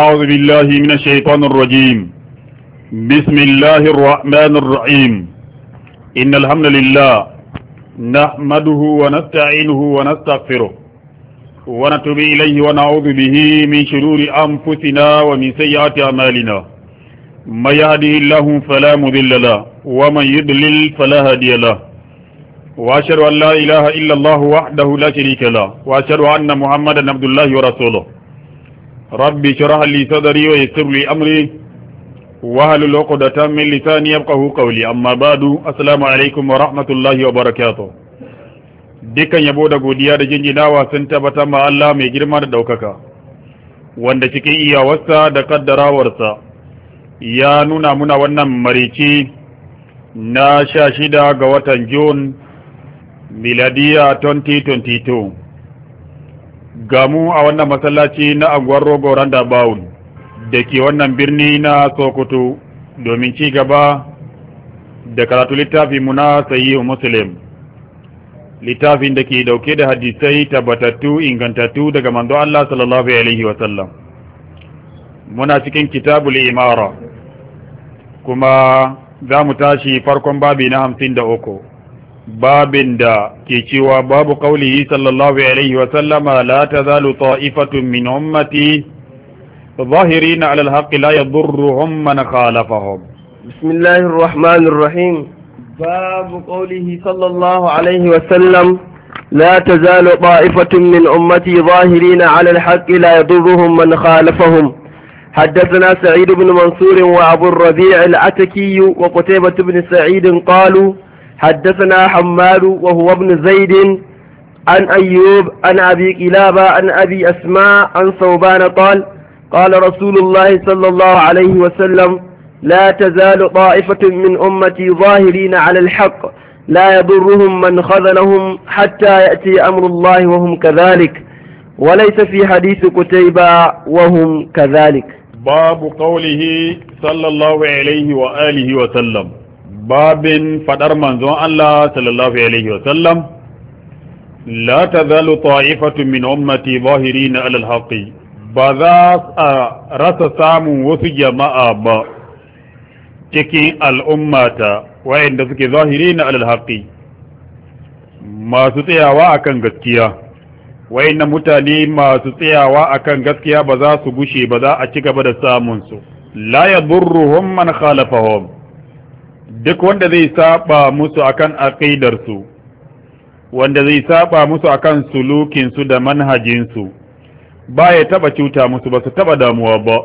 أعوذ بالله من الشيطان الرجيم بسم الله الرحمن الرحيم إن الحمد لله نحمده ونستعينه ونستغفره ونتوب إليه ونعوذ به من شرور أنفسنا ومن سيئات أعمالنا ما يهدي الله فلا مضل له ومن يضلل فلا هادي له وأشهد أن لا إله إلا الله وحده لا شريك له وأشهد أن محمدا عبد الله ورسوله ربي شرح لي صدري ويسر لي أمري وهل العقدة من لساني يبقه قولي أما بعد السلام عليكم ورحمة الله وبركاته dukkan yabo da godiya da jinjinawa sun tabbatar ma Allah mai girma da ɗaukaka wanda cikin iyawarsa da kaddarawarsa ya nuna muna wannan marici na sha shida ga watan Jun miladiya 2022 gamu a wannan masallaci na anguwar rogo randa bawun da ke wannan birni na sokoto domin ci gaba da karatu littafi muna sayi muslim littafin da ke dauke da hadisai tabbatattu ingantattu daga manzo Allah sallallahu alaihi sallam muna cikin kitabul imara kuma za mu tashi farkon babi na hamsin da uku babin da ke cewa babu kauli yi sallallahu alaihi wasallama la ta zalu ta'ifatun min ummati zahiri na alhaƙi la ya zurru hummana khalafahum bismillahir rahmanir rahim babu kauli sallallahu alaihi wasallam la ta zalu ta'ifatun min ummati zahiri na alhaƙi la ya zurru hummana khalafahum حدثنا سعيد بن منصور وابو الربيع الاتكي وقتيبة بن سعيد قالوا حدثنا حماد وهو ابن زيد عن أيوب عن أبي كلابة عن أبي أسماء عن صوبان قال قال رسول الله صلى الله عليه وسلم لا تزال طائفة من أمتي ظاهرين على الحق لا يضرهم من خذلهم حتى يأتي أمر الله وهم كذلك وليس في حديث كتيبة وهم كذلك باب قوله صلى الله عليه وآله وسلم babin fadar manzon Allah sallallahu alaihi wa sallam la tazalu ta'ifatu min ummati zahirin ala al ba za a rasa samun wasu jama'a ba cikin al'ummata wayanda suke zahirin ala al masu tsayawa akan gaskiya wayannan mutane masu tsayawa akan gaskiya ba za su gushe ba za a ci gaba da samun su la yadurruhum man khalafahum duk wanda zai saba musu akan aqidarsu wanda zai saba musu akan sulukinsu da manhajinsu ba ya taba cuta musu ba su taba damuwa ba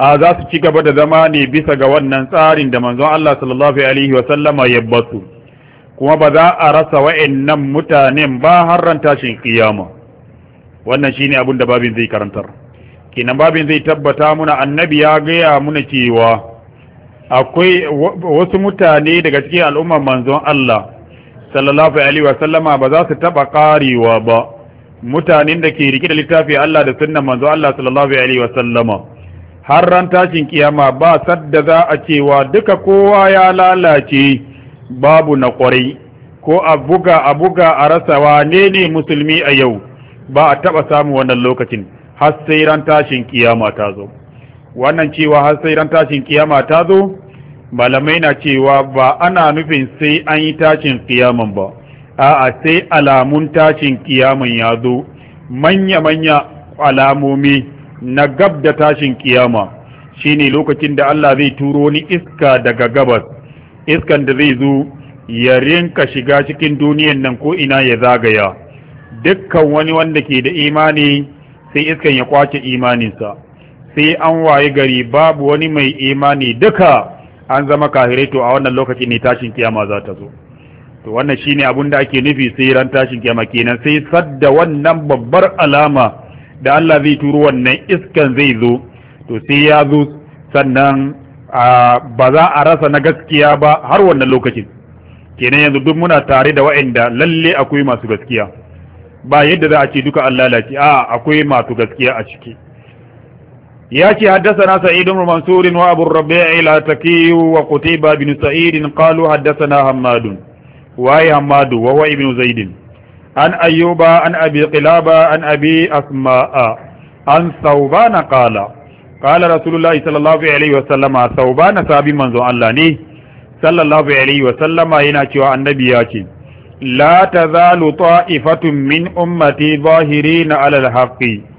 a za su ci gaba da zama ne bisa ga wannan tsarin da manzon Allah sallallahu alaihi wa sallama ya basu kuma ba za a rasa wa'annan mutanen ba har ran tashin kiyama wannan shine abin da babin zai karantar kinan babin zai tabbata muna annabi ya gaya muna cewa akwai wasu mutane daga cikin al'umma manzon Allah sallallahu alaihi wa sallama ba za su taba karewa ba mutanen da ke rike da littafi Allah da sunnan manzon Allah sallallahu alaihi wa sallama har ran tashin kiyama ba sadda za a cewa duka kowa ya lalace babu na kwarai ko a buga a buga a rasa wane ne musulmi a yau ba a taba samu wannan lokacin har sai ran tashin kiyama ta zo wannan cewa har sai ran tashin kiyama ta zo malamai na cewa ba ana nufin sai an yi tashin kiyaman ba a'a sai alamun tashin kiyaman ya zo manya-manya alamomi na gab da tashin kiyama shine lokacin da Allah zai turo ni iska daga gabas iskan da zai zo ya rinka shiga cikin duniyan nan ko ina ya zagaya dukkan wani wanda ke da imani sai iskan ya kwace imaninsa sai an waye gari babu wani mai imani duka an zama kahirai to a wannan lokacin ne tashin kiyama za ta zo to wannan shine abun da ake nufi sai ran tashin kiyama kenan sai sadda wannan babbar alama da Allah zai turo wannan iskan zai zo to sai ya zo sannan ba za a rasa na gaskiya ba har wannan lokacin kenan yanzu duk muna tare da wa'anda lalle akwai masu gaskiya ba yadda za a ce duka Allah lalace a akwai masu gaskiya a ciki ياتي حدثنا سعيد بن منصور وابو الربيع العتكي وقتيبة بن سعيد قالوا حدثنا حماد واي حماد وهو ابن زيد عن ايوب عن ابي قلابة عن ابي اسماء عن ثوبان قال قال رسول الله صلى الله عليه وسلم ثوبان صحابي منزو الله ني صلى الله عليه وسلم yana cewa annabi ya ce la tazalu ta'ifatun min ummati zahirina ala al-haqqi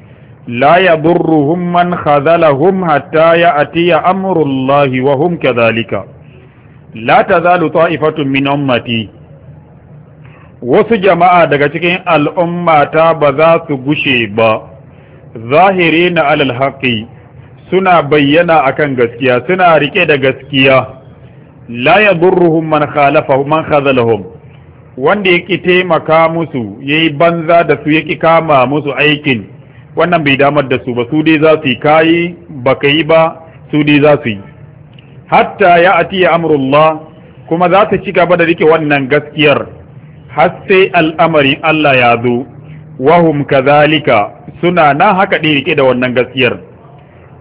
لا يضرهم من خذلهم حتى يأتي amrullahi الله وهم كذلك لا تزال طائفة من أمتي wasu jama'a daga cikin al'ummata ba za su gushe ba zahiri na alal haƙi suna bayyana akan gaskiya suna rike da gaskiya la yadurruhum man khalafa man khazalahum wanda yake taimaka musu yayi banza da su yake kama musu aikin wannan bai damar da su ba su dai za su yi kayi ba ka yi ba su dai za su yi hatta ya ati ya amrullah kuma za ta ci gaba da rike wannan gaskiyar har sai al'amarin Allah ya zo wahum kazalika suna na haka ɗin rike da wannan gaskiyar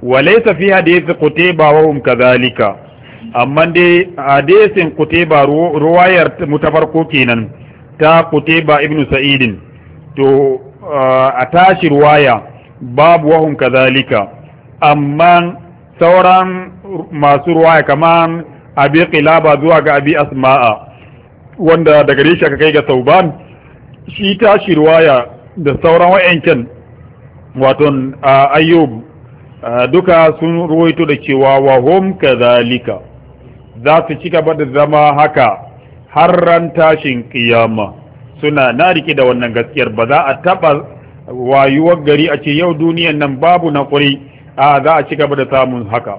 walai tafi hadisi kute ba wahum kazalika amma dai hadisin ba ruwayar farko kenan ta kute ba ibnu sa'idin to a tashi ruwaya babu wahun kazalika amma sauran masu ruwaya kaman abi qilaba zuwa ga abi asma'a wanda daga rishi aka kai ga sauban shi tashi ruwaya da sauran wa'ancan wato ayyub duka sun ruwaito da cewa wa hum kazalika za su ci gaba da zama haka har ran tashin kiyama suna na rike da wannan gaskiyar ba za a taba wayuwar gari a ce yau duniyan nan babu na ƙuri a za a ci gaba da samun haka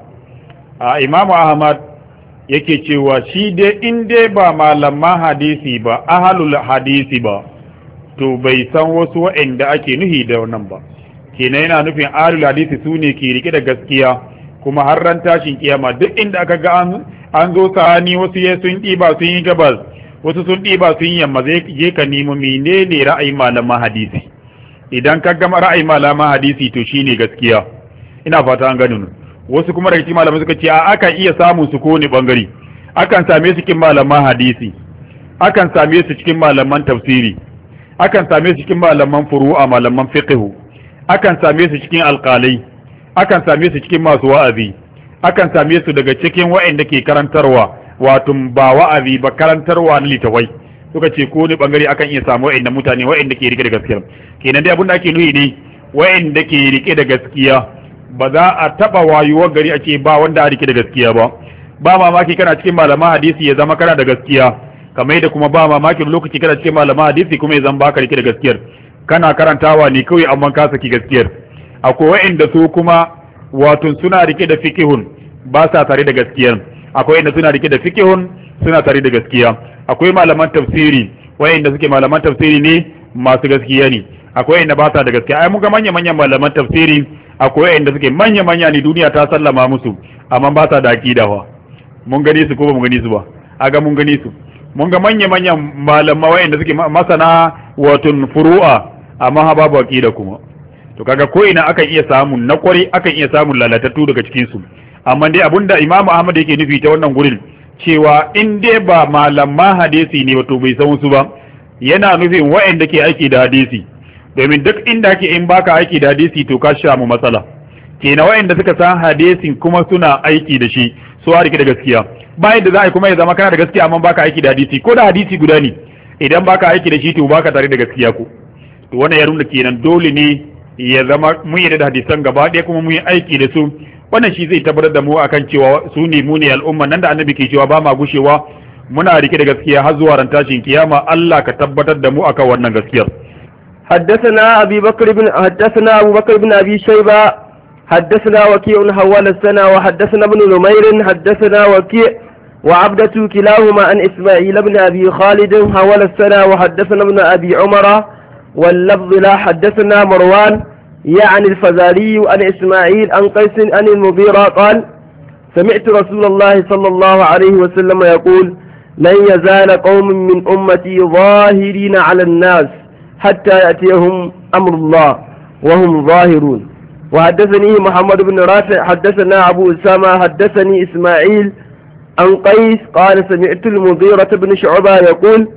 a imamu ahmad yake cewa shi dai in dai ba malaman hadisi ba ahalul hadisi ba to bai san wasu waɗanda ake nuhi da wannan ba kenan yana nufin ahalul hadisi su ne ke rike da gaskiya kuma har ran tashin kiyama duk inda aka ga an zo sa'ani wasu ya sun ɗiba sun yi gabas wasu sun ɗiba sun yamma zai je ka nemo menene ra'ayin malaman hadisi idan ka gama ra'ayin malaman hadisi to shine gaskiya ina fata an gani wasu kuma daga cikin malamai suka ce a akan iya samun su kowane bangare akan same su cikin malaman hadisi akan same su cikin malaman tafsiri akan same su cikin malaman furu'a malaman fiqh akan same su cikin alqalai akan same su cikin masu wa'azi akan same su daga cikin wa'anda ke karantarwa wato ba wa'azi ba karantarwa na litawai suka ce ko ne bangare akan iya samu wa'inda mutane wa'inda ke rike da gaskiya kenan dai abin da ake nuhi ne wa'inda ke rike da gaskiya ba za a taba wayuwar gari a ce ba wanda a rike da gaskiya ba ba mamaki kana cikin malama hadisi ya zama kana da gaskiya kamar da kuma ba mamakin lokaci kana cikin malama hadisi kuma ya zama baka rike da gaskiyar kana karantawa ne kawai amma ka saki gaskiyar akwai wa'inda su kuma wato suna rike da fikihun ba sa tare da gaskiyar akwai inda suna rike da fikihun suna tare da gaskiya akwai malaman tafsiri wayanda suke malaman tafsiri ne masu gaskiya ne akwai inda ba sa da gaskiya ai muga manya manyan malaman tafsiri akwai inda suke manya manya ne duniya ta sallama musu amma ba sa da aqida fa mun gani su ko ba mun gani su ba aga mun gani su mun ga manya manyan malama wayanda suke masana watun furu'a amma ha babu aqida kuma to kaga ko ina akan iya samun na kwari akan iya samun lalatattu daga cikin su amma dai da imamu ahmad yake nufi ta wannan gurin cewa in dai ba malamma hadisi ne wato bai san wasu ba yana nufin wa'anda ke aiki da hadisi domin duk inda ake in baka aiki da hadisi to ka sha mu matsala kenan wa'anda suka san hadisin kuma suna aiki da shi su a rike da gaskiya ba yadda za a yi kuma ya zama kana da gaskiya amma baka aiki da hadisi ko da hadisi guda ne idan baka aiki da shi to baka tare da gaskiya ko to wannan ya nuna kenan dole ne ya zama mun yi da hadisan gaba ɗaya kuma mun yi aiki da su wannan shi zai tabbatar da mu akan cewa su ne mu ne al'umma nan da annabi ke cewa ba ma gushewa muna rike da gaskiya har zuwa ran tashin kiyama Allah ka tabbatar da mu akan wannan gaskiyar حدثنا أبي بكر بن حدثنا أبو بكر بن أبي شيبة حدثنا وكيع حوال السنة وحدثنا ابن نمير حدثنا وكيع وعبدة كلاهما عن إسماعيل بن أبي خالد حوال السنة وحدثنا ابن أبي عمر واللفظ لا حدثنا مروان يعني الفزاري عن إسماعيل عن قيس عن المغيرة قال سمعت رسول الله صلى الله عليه وسلم يقول لن يزال قوم من أمتي ظاهرين على الناس حتى يأتيهم أمر الله وهم ظاهرون وحدثني محمد بن رافع حدثنا أبو أسامة حدثني إسماعيل عن قيس قال سمعت المغيرة بن شعبة يقول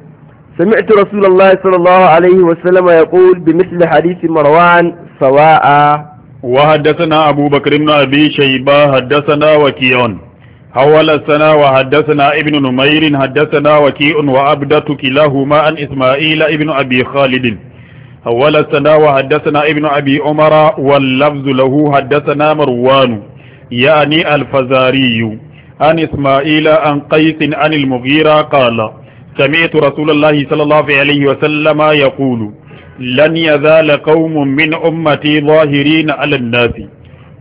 سمعت رسول الله صلى الله عليه وسلم يقول بمثل حديث مروان سواء وحدثنا أبو بكر بن أبي شيبة حدثنا وكيون حول السنة وحدثنا ابن نمير حدثنا وكيع وعبدة كلاهما عن إسماعيل ابن أبي خالد حول السنة وحدثنا ابن أبي عمر واللفظ له حدثنا مروان يعني الفزاري عن إسماعيل عن قيس عن المغيرة قال سمعت رسول الله صلى الله عليه وسلم يقول لن يزال قوم من أمتي ظاهرين على الناس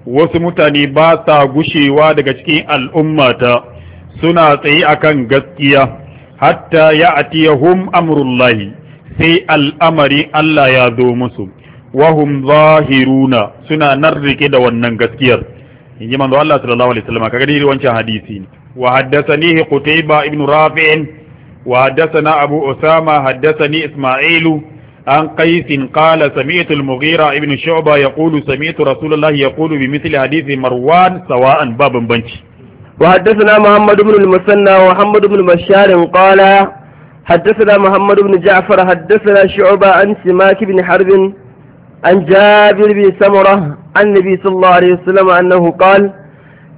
wasu mutane ba sa gushewa daga cikin al'ummata suna tsaye akan gaskiya hatta ya hum amrullahi sai al'amari Allah ya zo musu wahum zahiruna suna nan rike da wannan gaskiyar in ji manzo Allah sallallahu alaihi wancan hadisi ne wa haddathani Qutayba وحدثنا أبو أسامة حدثني إسماعيل عن قيس قال سمعت المغيرة ابن شعبة يقول سمعت رسول الله يقول بمثل حديث مروان سواء باب بنش وحدثنا محمد بن المثنى ومحمد بن بشار قال حدثنا محمد بن جعفر حدثنا شعبة عن سماك بن حرب عن جابر بن سمرة عن النبي صلى الله عليه وسلم أنه قال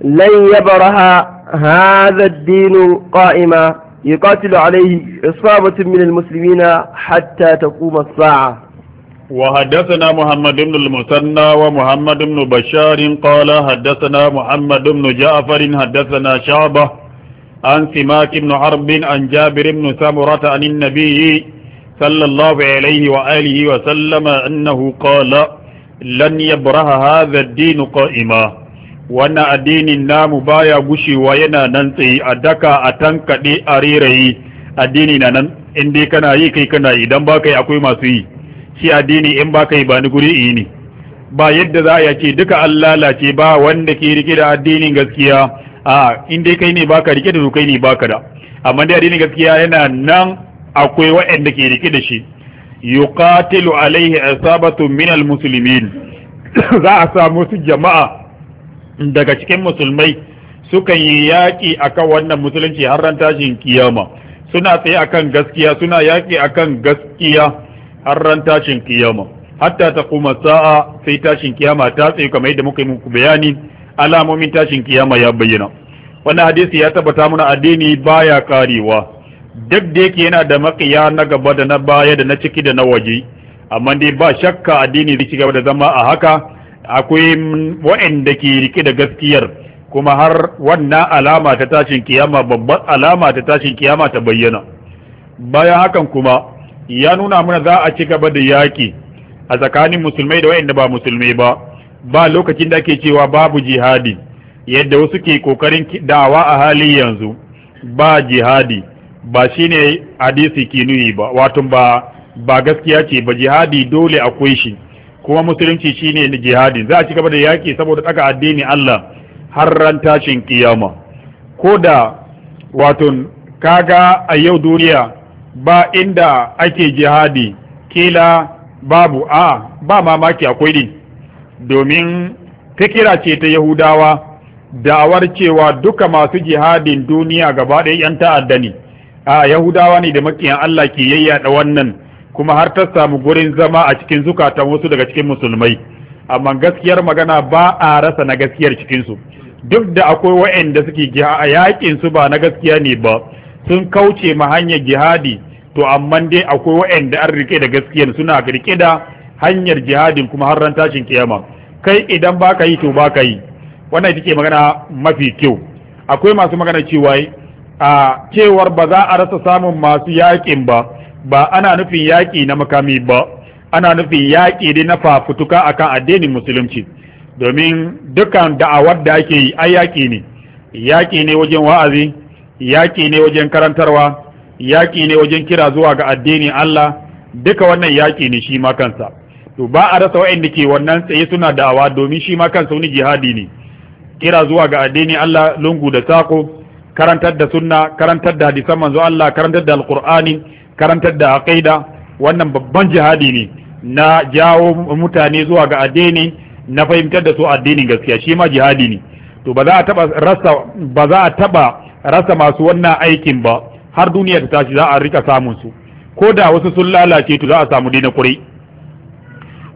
لن يبرها هذا الدين قائما يقاتل عليه إصابة من المسلمين حتى تقوم الساعة وحدثنا محمد بن المثنى ومحمد بن بشار قال حدثنا محمد بن جعفر حدثنا شعبة عن سماك بن عرب عن جابر بن سمرة عن النبي صلى الله عليه وآله وسلم أنه قال لن يبرح هذا الدين قائما wannan addinin namu baya gushewa yana nan tsaye a daka a tankaɗe a rerayi addini na nan in dai kana yi kai kana yi idan baka yi akwai masu yi shi addini in baka yi ba ni guri yi ne ba yadda za a ce duka an lalace ba wanda ke rike da addinin gaskiya a in dai kai ne baka rike da kai ne baka da amma dai addinin gaskiya yana nan akwai waɗanda ke rike da shi yuqatilu alaihi asabatu min muslimin za a samu su jama'a daga cikin musulmai sukan yi yaƙi akan wannan musulunci har ran tashin kiyama suna tsaye akan gaskiya suna yaƙi akan gaskiya har ran tashin kiyama hatta ta kuma sa'a sai tashin kiyama ta tsaye kamar yadda muka yi muku bayani alamomin tashin kiyama ya bayyana wannan hadisi ya tabbata mana addini baya karewa duk da yake yana da makiya na gaba da na baya da na ciki da na waje amma dai ba shakka addini zai ci gaba da zama a haka akwai waɗanda ke rike da gaskiyar kuma har wannan alama ta tashin kiyama babbar alama ta tashin kiyama ta bayyana bayan hakan kuma ya nuna mana za a ci gaba da yaki a tsakanin musulmai da waɗanda ba musulmai ba ba lokacin da ake cewa babu jihadi yadda wasu ke kokarin da'awa a hali yanzu ba jihadi ba shine hadisi nuni ba wato ba ba gaskiya ce ba jihadi dole akwai shi kuma musulunci shine jihadi. za a ci gaba da yaƙi saboda tsaka addini Allah har ran tashin kiyama ko da wato kaga a yau duniya ba inda ake jihadi kila babu a ba mamaki akwai ne domin fikira ce ta yahudawa da'awar cewa duka masu jihadin duniya gaba ɗaya 'yan ta'adda ne a yahudawa ne da makiyan Allah ke yayyada wannan kuma har ta samu gurin zama a cikin zukatan wasu daga cikin musulmai amma gaskiyar magana ba a rasa na gaskiyar cikinsu duk da akwai wa'anda suke a yakin su ba na gaskiya ne ba sun kauce ma hanyar jihadi to amma dai akwai wa'anda an rike da gaskiyar suna rike da hanyar jihadin kuma har ran tashin kiyama kai idan baka yi to baka yi wannan take magana mafi kyau akwai masu magana cewa a cewar ba za a rasa samun masu yakin ba ba ana nufin yaƙi na makami ba ana nufin yaƙi ne na fafutuka akan addinin musulunci domin dukkan da'awar da ake yi ai yaƙi ne yaƙi ne wajen wa'azi yaƙi ne wajen karantarwa yaƙi ne wajen kira zuwa ga addinin Allah duka wannan yaƙi ne shi ma kansa to ba a rasa wa'anda ke wannan tsaye suna da'awa domin shi ma kansa wani jihadi ne kira zuwa ga addinin Allah lungu da sako karantar da sunna karantar da hadisan manzo Allah karantar da alqur'ani karantar da aqida wannan babban jihadi ne na jawo mutane zuwa ga addini na fahimtar da su addinin gaskiya shi ma jihadi ne to ba za a taba rasa ba za a taba rasa masu wannan aikin ba har duniya ta tashi za a rika samun su ko da wasu sun lalace to za a samu dina kure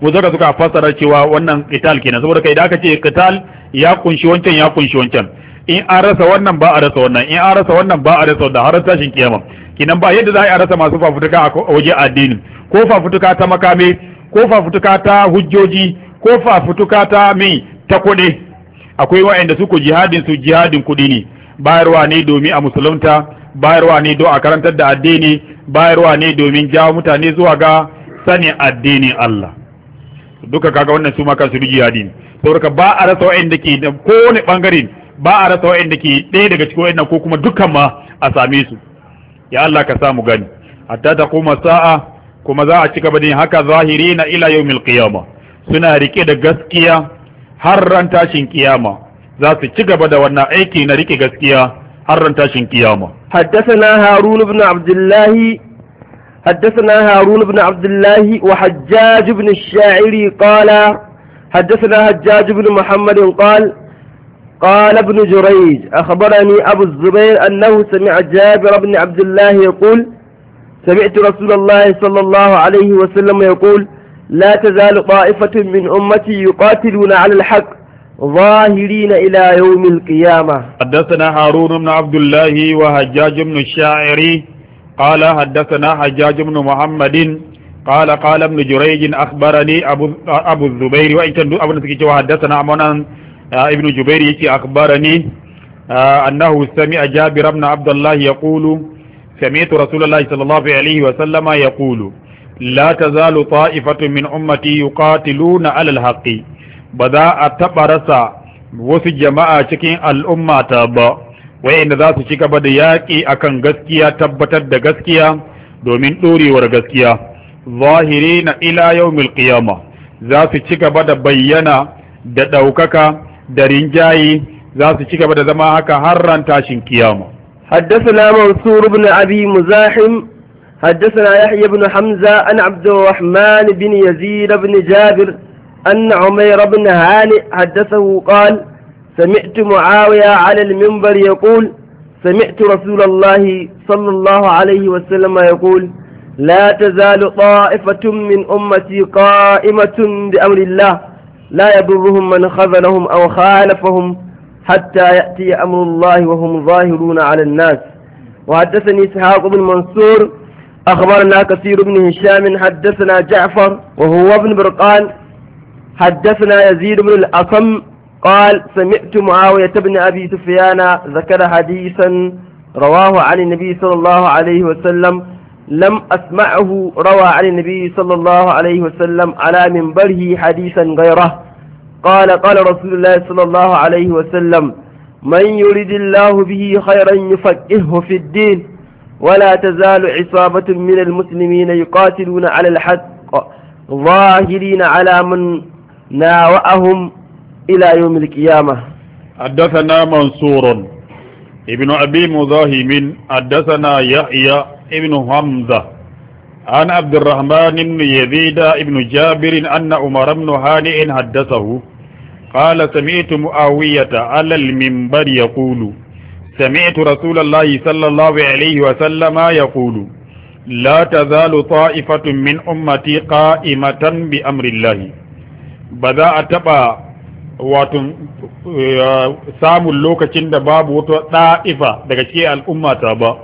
ko da suka fassara cewa wannan qital kenan saboda kai da aka ce qital ya kunshi wancan ya kunshi wancan in an rasa wannan ba a rasa wannan in an rasa wannan ba a rasa wannan har tashin kiyama kinan ba yadda za a rasa masu fafutuka a waje addini ko fafutuka ta makame ko fafutuka ta hujjoji ko fafutuka ta mai ta kuɗi akwai wa'anda su ku jihadin su jihadin kuɗi ne bayarwa ne domin a musulunta bayarwa ne don a karantar da addini bayarwa ne domin jawo mutane zuwa ga sanin addinin Allah duka kaga wannan su ma kan su jihadin saboda ba a rasa wa'anda ke da kowane bangare ba a rasa wa'anda ke ɗaya daga cikin wa'annan ko kuma dukkan ma a same su ya Allah ka samu gani hatta ta koma sa'a kuma za a cika ba da haka na ila yau mil qiyama suna rike da gaskiya har ran tashin kiyama za su ci gaba da wannan aiki na rike gaskiya har ran tashin kiyama haddathana harun ibn abdullah حدثنا هارون بن عبد الله وحجاج بن الشاعري قال حدثنا حجاج بن محمد قال قال ابن جريج أخبرني أبو الزبير أنه سمع جابر بن عبد الله يقول سمعت رسول الله صلى الله عليه وسلم يقول لا تزال طائفة من أمتي يقاتلون على الحق ظاهرين إلى يوم القيامة حدثنا هارون بن عبد الله وهجاج بن الشاعري قال حدثنا حجاج بن محمد قال قال ابن جريج أخبرني أبو, أبو الزبير وإن كان أبو حدثنا عمنا ibn jubair yake akbarani annahu sami'a jabir ibn abdullah yaqulu سمعت رسول الله صلى الله عليه وسلم يقول لا تزال طائفة من أمتي يقاتلون على الحق wasu jama'a cikin al'umma ba, wa'inda za su ci gaba da yaƙi akan gaskiya tabbatar da gaskiya domin ɗorewar gaskiya, zahiri na ila ci gaba da bayyana da ɗaukaka da rinjayi za su ci gaba da zama haka har ran tashin kiyama حدثنا منصور بن أبي مزاحم حدثنا يحيى بن حمزة عن عبد الرحمن بن يزيد بن جابر أن عمير بن هانئ حدثه قال سمعت معاوية على المنبر يقول سمعت رسول الله صلى الله عليه وسلم يقول لا تزال طائفة من أمتي قائمة بأمر الله لا يضرهم من خذلهم أو خالفهم حتى يأتي أمر الله وهم ظاهرون على الناس وحدثني إسحاق بن منصور أخبرنا كثير بن هشام حدثنا جعفر وهو ابن برقان حدثنا يزيد بن الأصم قال سمعت معاوية بن أبي سفيان ذكر حديثا رواه عن النبي صلى الله عليه وسلم لم أسمعه روى عن النبي صلى الله عليه وسلم على منبره حديثا غيره قال قال رسول الله صلى الله عليه وسلم من يريد الله به خيرا يفقهه في الدين ولا تزال عصابة من المسلمين يقاتلون على الحق ظاهرين على من ناوأهم إلى يوم القيامة حدثنا منصور ابن أبي مذاهم حدثنا يحيى ابن حمزة عن عبد الرحمن بن يزيد ابن جابر أن عمر بن هانئ حدثه قال سمعت معاوية على المنبر يقول سمعت رسول الله صلى الله عليه وسلم يقول لا تزال طائفة من أمتي قائمة بأمر الله بذا أتبع samun lokacin da babu wata ɗa'ifa daga cikin ta ba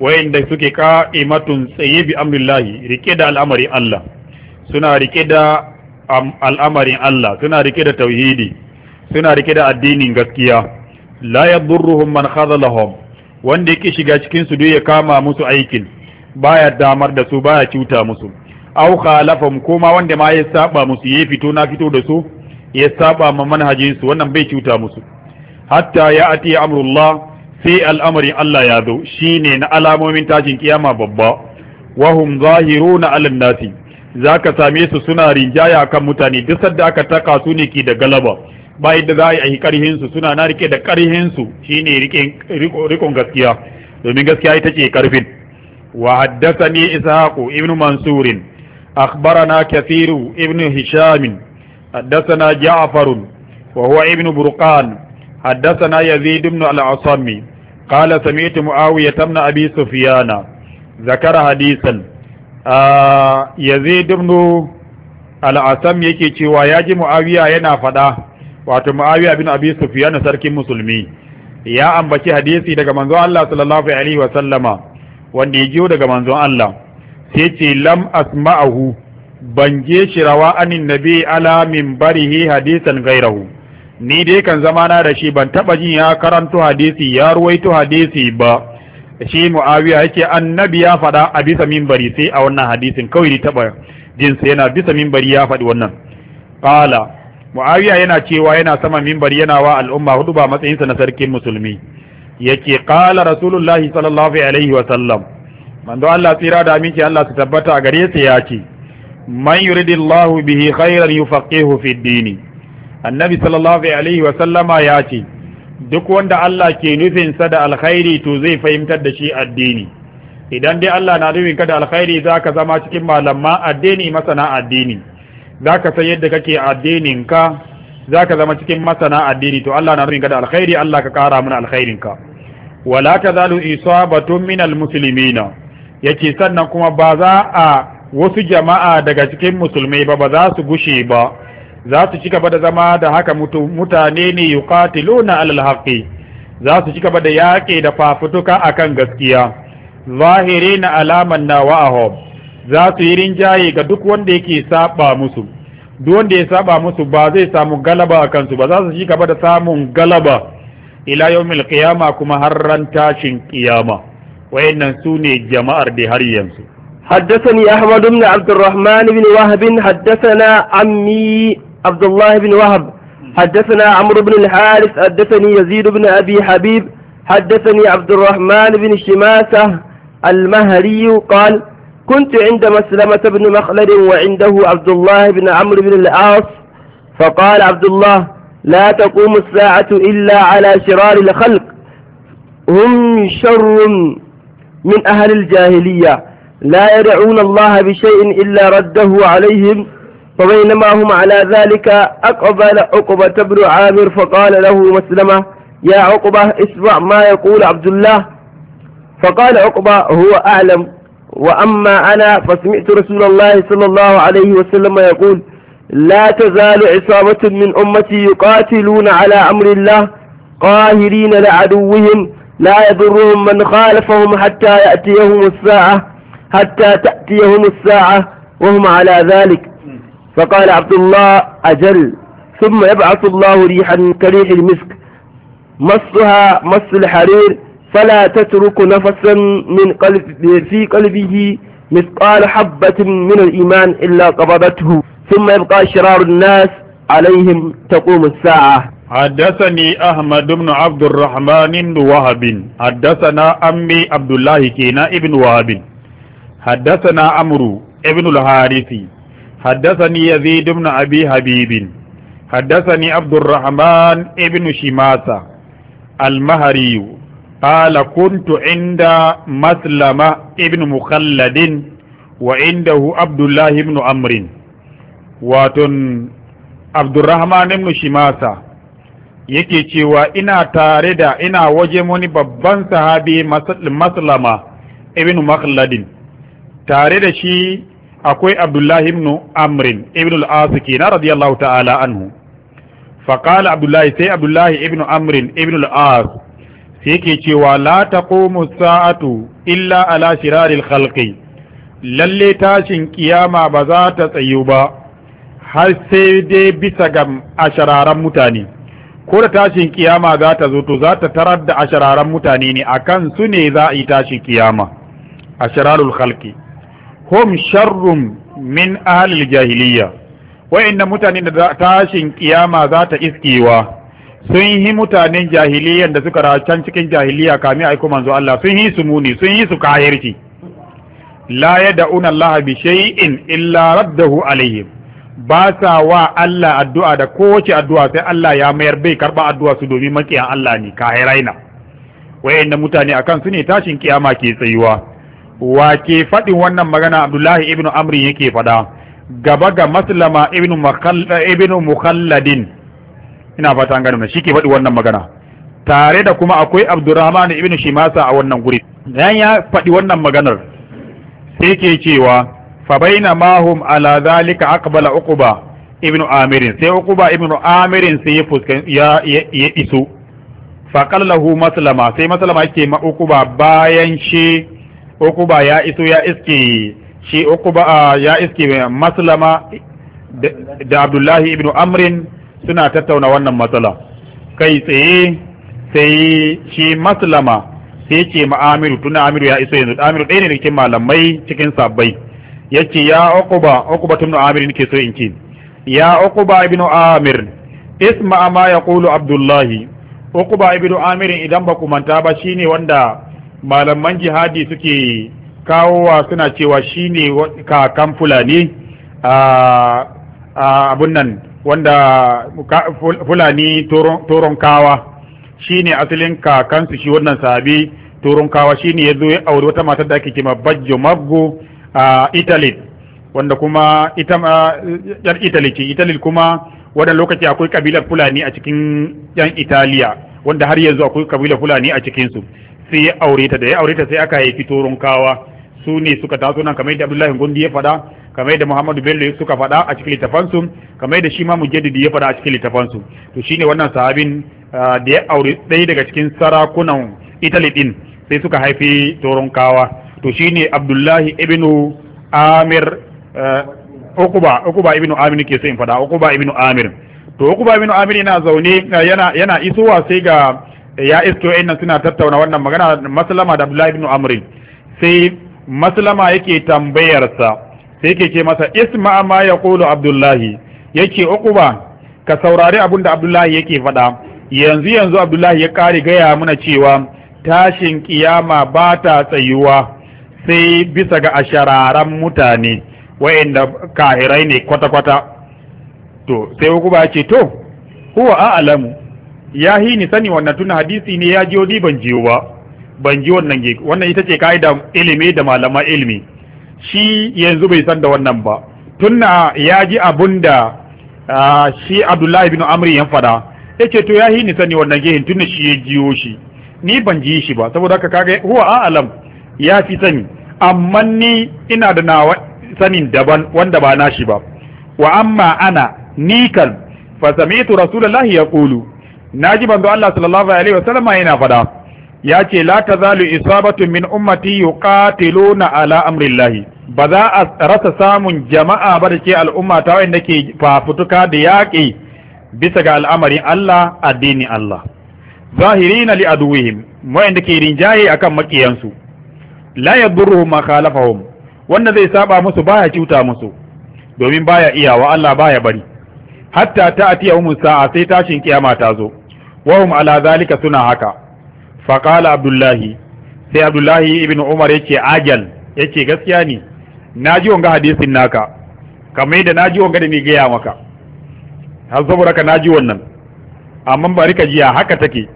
wayanda suke ka'imatun tsaye bi amrillahi rike da al'amarin Allah suna rike da al'amarin Allah suna rike da tauhidi suna rike da addinin gaskiya la yadurruhum man khadalahum wanda yake shiga cikin su ya kama musu aikin baya damar da su baya cuta musu au khalafum kuma wanda ma ya saba musu ya fito na fito da su ya saba ma manhajin su wannan bai cuta musu hatta ya ati amrullah sai al'amarin Allah ya zo shine na alamomin tashin kiyama babba wa hum zahiruna alan nasi zaka same su suna rinjaya kan mutane duk sadda aka taka su ne ki da galaba ba yadda za a yi karhin su suna na rike da karhin su shine rikon gaskiya domin gaskiya ita ce karfin wa haddathani ishaqu ibnu mansurin akhbarana kathiru ibnu hishamin حدثنا جعفر وهو ابن برقان حدثنا يزيد بن العصم قال سمعت معاوية بن أبي سفيان ذكر حديثا آه يزيد بن العصم يكي تشوى ياجي معاوية ينا فدا واتو معاوية بن أبي سفيان سركي مسلمي يا أم بشي حديثي دقا منذ الله صلى الله عليه وسلم wanda ya jiyo daga manzon Allah sai ce lam asma'ahu bange shi rawa anin nabi ala min barihi hadisan gairahu ni dai kan zama na da shi ban taba jin ya karanto hadisi ya ruwaito hadisi ba shi muawiya yake annabi ya faɗa a bisa bari sai a wannan hadisin kawai ni taba jin sai yana bisa bari ya faɗi wannan qala muawiya yana cewa yana sama bari yana wa al'umma hudu ba matsayinsa na sarkin musulmi yake qala rasulullahi sallallahu alaihi wa sallam manzo Allah tsira da aminci Allah su tabbata a gare sai ya ce man yuridillahu bihi khairan yufaqihu fi dini annabi sallallahu alaihi wa sallama ya ce duk wanda Allah ke nufin sa da alkhairi to zai fahimtar da shi addini idan dai Allah na nufin ka da alkhairi zaka zama cikin malaman addini masana addini zaka san yadda kake addinin ka zaka zama cikin masana addini to Allah na nufin ka da alkhairi Allah ka kara mana alkhairin ka wala tazalu isabatun minal muslimina yace sannan kuma ba za a wasu jama'a daga cikin musulmai ba ba za su gushe ba za su ci gaba da zama da haka mutane ne yuqatiluna alal haqqi za su ci gaba da yaƙi da fafutuka akan gaskiya zahiri na alaman na wa'ahom za su yi rinjaye ga duk wanda yake saba musu duk wanda ya saba musu ba zai samu galaba a kansu ba za su ci gaba da samun galaba ila yawmil qiyama kuma har ran tashin qiyama wayannan su ne jama'ar da har yanzu حدثني أحمد بن عبد الرحمن بن وهب حدثنا عمي عبد الله بن وهب حدثنا عمرو بن الحارث حدثني يزيد بن أبي حبيب حدثني عبد الرحمن بن شماسة المهري قال كنت عند مسلمة بن مخلد وعنده عبد الله بن عمرو بن العاص فقال عبد الله لا تقوم الساعة إلا على شرار الخلق هم شر من أهل الجاهلية لا يدعون الله بشيء إلا رده عليهم فبينما هم على ذلك أقبل عقبة بن عامر فقال له مسلمة يا عقبة اسمع ما يقول عبد الله فقال عقبة هو أعلم وأما أنا فسمعت رسول الله صلى الله عليه وسلم يقول لا تزال عصابة من أمتي يقاتلون على أمر الله قاهرين لعدوهم لا يضرهم من خالفهم حتى يأتيهم الساعة حتى تأتيهم الساعة وهم على ذلك فقال عبد الله أجل ثم يبعث الله ريحا كريح المسك مصها مص الحرير فلا تترك نفسا من قلب في قلبه مثقال حبة من الإيمان إلا قبضته ثم يبقى شرار الناس عليهم تقوم الساعة حدثني أحمد بن عبد الرحمن بن وهب حدثنا أمي عبد الله كينا ابن وهب حدثنا عمرو ابن الحارث حدثني يزيد بن ابي حبيب حدثني عبد الرحمن ابن شماسة المهري قال كنت عند مسلمة ابن مخلد وعنده عبد الله بن عمرو واتن عبد الرحمن ابن شماسة yake cewa ina tare da ina waje wani babban sahabi maslama ibn makhladin tare da shi akwai abdullahi ibn amrin ibn al-as na radiyallahu ta'ala anhu fa abdullahi sai abdullahi ibn amrin ibn al sai ke cewa la taqumu sa'atu illa ala shiraril Lallai lalle tashin kiyama ba za ta tsayu ba har sai dai bisa ga ashararan mutane ko da tashin kiyama za ta zo to za ta tarar da ashararan mutane ne akan su ne za a yi tashin kiyama ashararul khalqi hum sharrun min jahiliyya jahiliya wa'inna mutanen da tashin kiyama za ta iskewa sun yi mutanen jahiliyan da suka can cikin jahiliya kami aiko manzo Allah sun yi su muni sun yi su kahirci la yad'una Allah bi shay'in illa raddahu alaihim ba sa wa Allah addu'a da kowace addu'a sai Allah ya mayar bai karba addu'a su domin makiyan Allah ne kahiraina na wayanda mutane akan su ne tashin kiyama ke tsayuwa wa ke faɗin wannan magana abdullahi ibn amri yake faɗa gaba ga maslama ibn eh, mukhalladin ina fata an gano shi ke faɗi wannan magana tare da kuma akwai abdurrahman ibn shimasa a wannan guri dan ya faɗi wannan maganar sai ke cewa fa baina mahum ala zalika aqbala uquba ibn amirin sai uquba ibn amirin sai ya fuskan ya ya iso fa qallahu maslama sai maslama yake ma uquba bayan shi ukuba ya iso ya iske shi ukuba ya iske maslama da abdullahi ibn amrin suna tattauna wannan matsala kai tsaye sai shi maslama sai ce ma amiru tuna amiru ya iso yanzu amiru ɗaya ne da cikin malamai cikin sabbai ya ce ya ukuba ukuba tun ne ke so in ce ya ukuba ibn amir isma ma ya kulu abdullahi ukuba ibn amir idan ba ku manta ba shine wanda malaman jihadi suke kawowa suna cewa shine kakan fulani a abun nan wanda fulani turon kawa shine asalin kakansu shi wannan sabi turon kawa shine ya zo ya auri wata matar da ake kima bajjo mabgo a italy wanda kuma ita yar italy ce italy kuma wannan lokaci akwai kabilar fulani a cikin yan italiya wanda har yanzu akwai kabilar fulani a cikinsu sai ya aure ta da ya aure ta sai aka haifi turun kawa su ne suka taso nan kamar yadda Abdullahi Gondi ya faɗa kamar yadda Muhammadu Bello suka faɗa a cikin littafansu kamar yadda shi ma Mujaddidi ya faɗa a cikin littafansu to shine wannan sahabin ah, da ya aure ɗaya daga cikin sarakunan Italy din sai suka haifi toron kawa to shine Abdullahi ibn Amir ah, Ukuba Ukuba ibn Amir ke so in faɗa Ukuba ibn Amir to Ukuba ibn Amir yana zaune yana yana isowa sai ga ya isto inna suna tattauna wannan magana maslama da Abdullahi ibn Amr sai maslama yake tambayarsa sai yake ce masa isma ma yaqulu Abdullahi yake uquba ka saurari abin da Abdullahi yake faɗa yanzu yanzu Abdullahi ya kare gaya mana cewa tashin kiyama ba ta tsayuwa sai bisa ga ashararan mutane wa'inda kahirai ne kwata-kwata to sai uquba ce to huwa a'lamu ya hi ni sani wannan tun hadisi ne ya jiyo ni ban jiyo ba ban ji wannan ge wannan ita ce kaida ilimi da malama ilimi shi yanzu bai san da wannan ba tunna ya ji abun da shi Abdullahi bin Amri ya fada yace to ya hi ni sani wannan gehin tunna shi ya jiyo shi ni ban ji shi ba saboda haka kaga huwa a'lam ya fi sani amma ni ina da nawa sanin daban wanda ba na shi ba wa amma ana ni kan fa sami'tu rasulullahi yaqulu naji banza Allah sallallahu alaihi wasallam yana fada ya ce la tazalu isabatu min ummati yuqatiluna ala amrillahi ba za a rasa samun jama'a ba da ke al'umma ta wanda ke fafutuka da yaƙi bisa ga al'amarin Allah addini Allah zahirina li aduwihim wanda ke rinjaye akan makiyansu la yadurruhum ma khalafahum wanda zai saba musu baya cuta musu domin baya iyawa Allah baya bari hatta ta atiya umu sa'a sai tashin kiyama ta zo wahum ala zalika suna haka faƙala abdullahi sai abdullahi ibn umar yake ajal yake gaskiya ne na ji wanga hadisin naka kamar da na ji wanga da ni gaya maka har saboda ka na ji wannan amma bari ka jiya haka take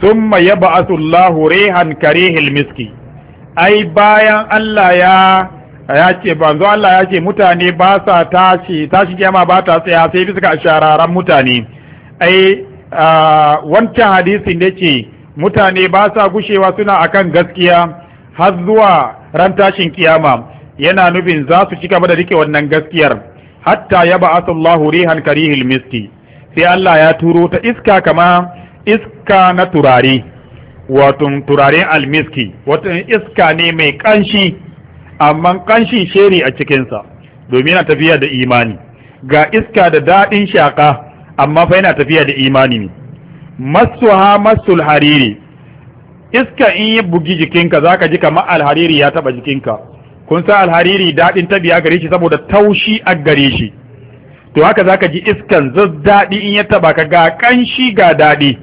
summa yab'athu Allahu rihan karihil miski ai bayan Allah ya ya ce banzo Allah ya ce mutane ba sa tashi tashi kiyama ba ta tsaya sai bisa ga shararan mutane ai wancan hadisin da ce mutane ba sa gushewa suna akan gaskiya har zuwa ran tashin kiyama yana nufin za su ci gaba da rike wannan gaskiyar hatta ya asallahu rihan karihil miski sai Allah ya turo ta iska kama iska na turare wato turaren almiski wato iska ne mai kanshi amma kanshin sheri a cikinsa domin na tafiya da imani ga iska da daɗin shaƙa amma fa yana tafiya da imani ne ha masul hariri iska in yi bugi jikinka ka ji kamar alhariri ya taba jikinka kun sa alhariri daɗin tabiya gare shi saboda taushi a gare shi to haka zaka ji iskan zazzaɗi in ya taba ka ga ƙanshi ga daɗi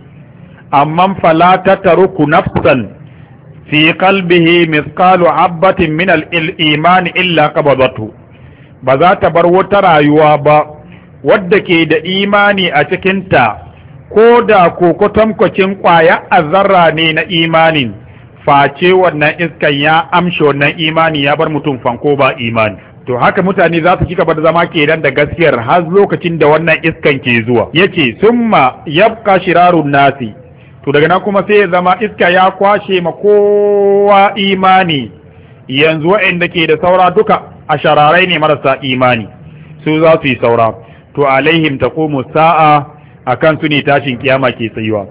amma fala ta taruku nafsan fi qalbihi mithqalu habbatin min al illa qabadatu ba za ta bar wata rayuwa ba wadda ke da imani a cikinta ko da kwatankwacin ƙwaya a zarra ne na imanin face wannan iskan ya amshi wannan imani ya bar mutum fanko ba imani to haka mutane za su ci gaba da zama kenan da gaskiyar har lokacin da wannan iskan ke zuwa yace summa yabqa shirarun nasi to daga nan kuma sai ya zama iska ya kwashe ma kowa imani yanzu wa'anda ke da saura duka a shararai ne marasa imani su za su yi saura to alaihim taqumu sa'a akan su ne tashin kiyama ke tsayuwa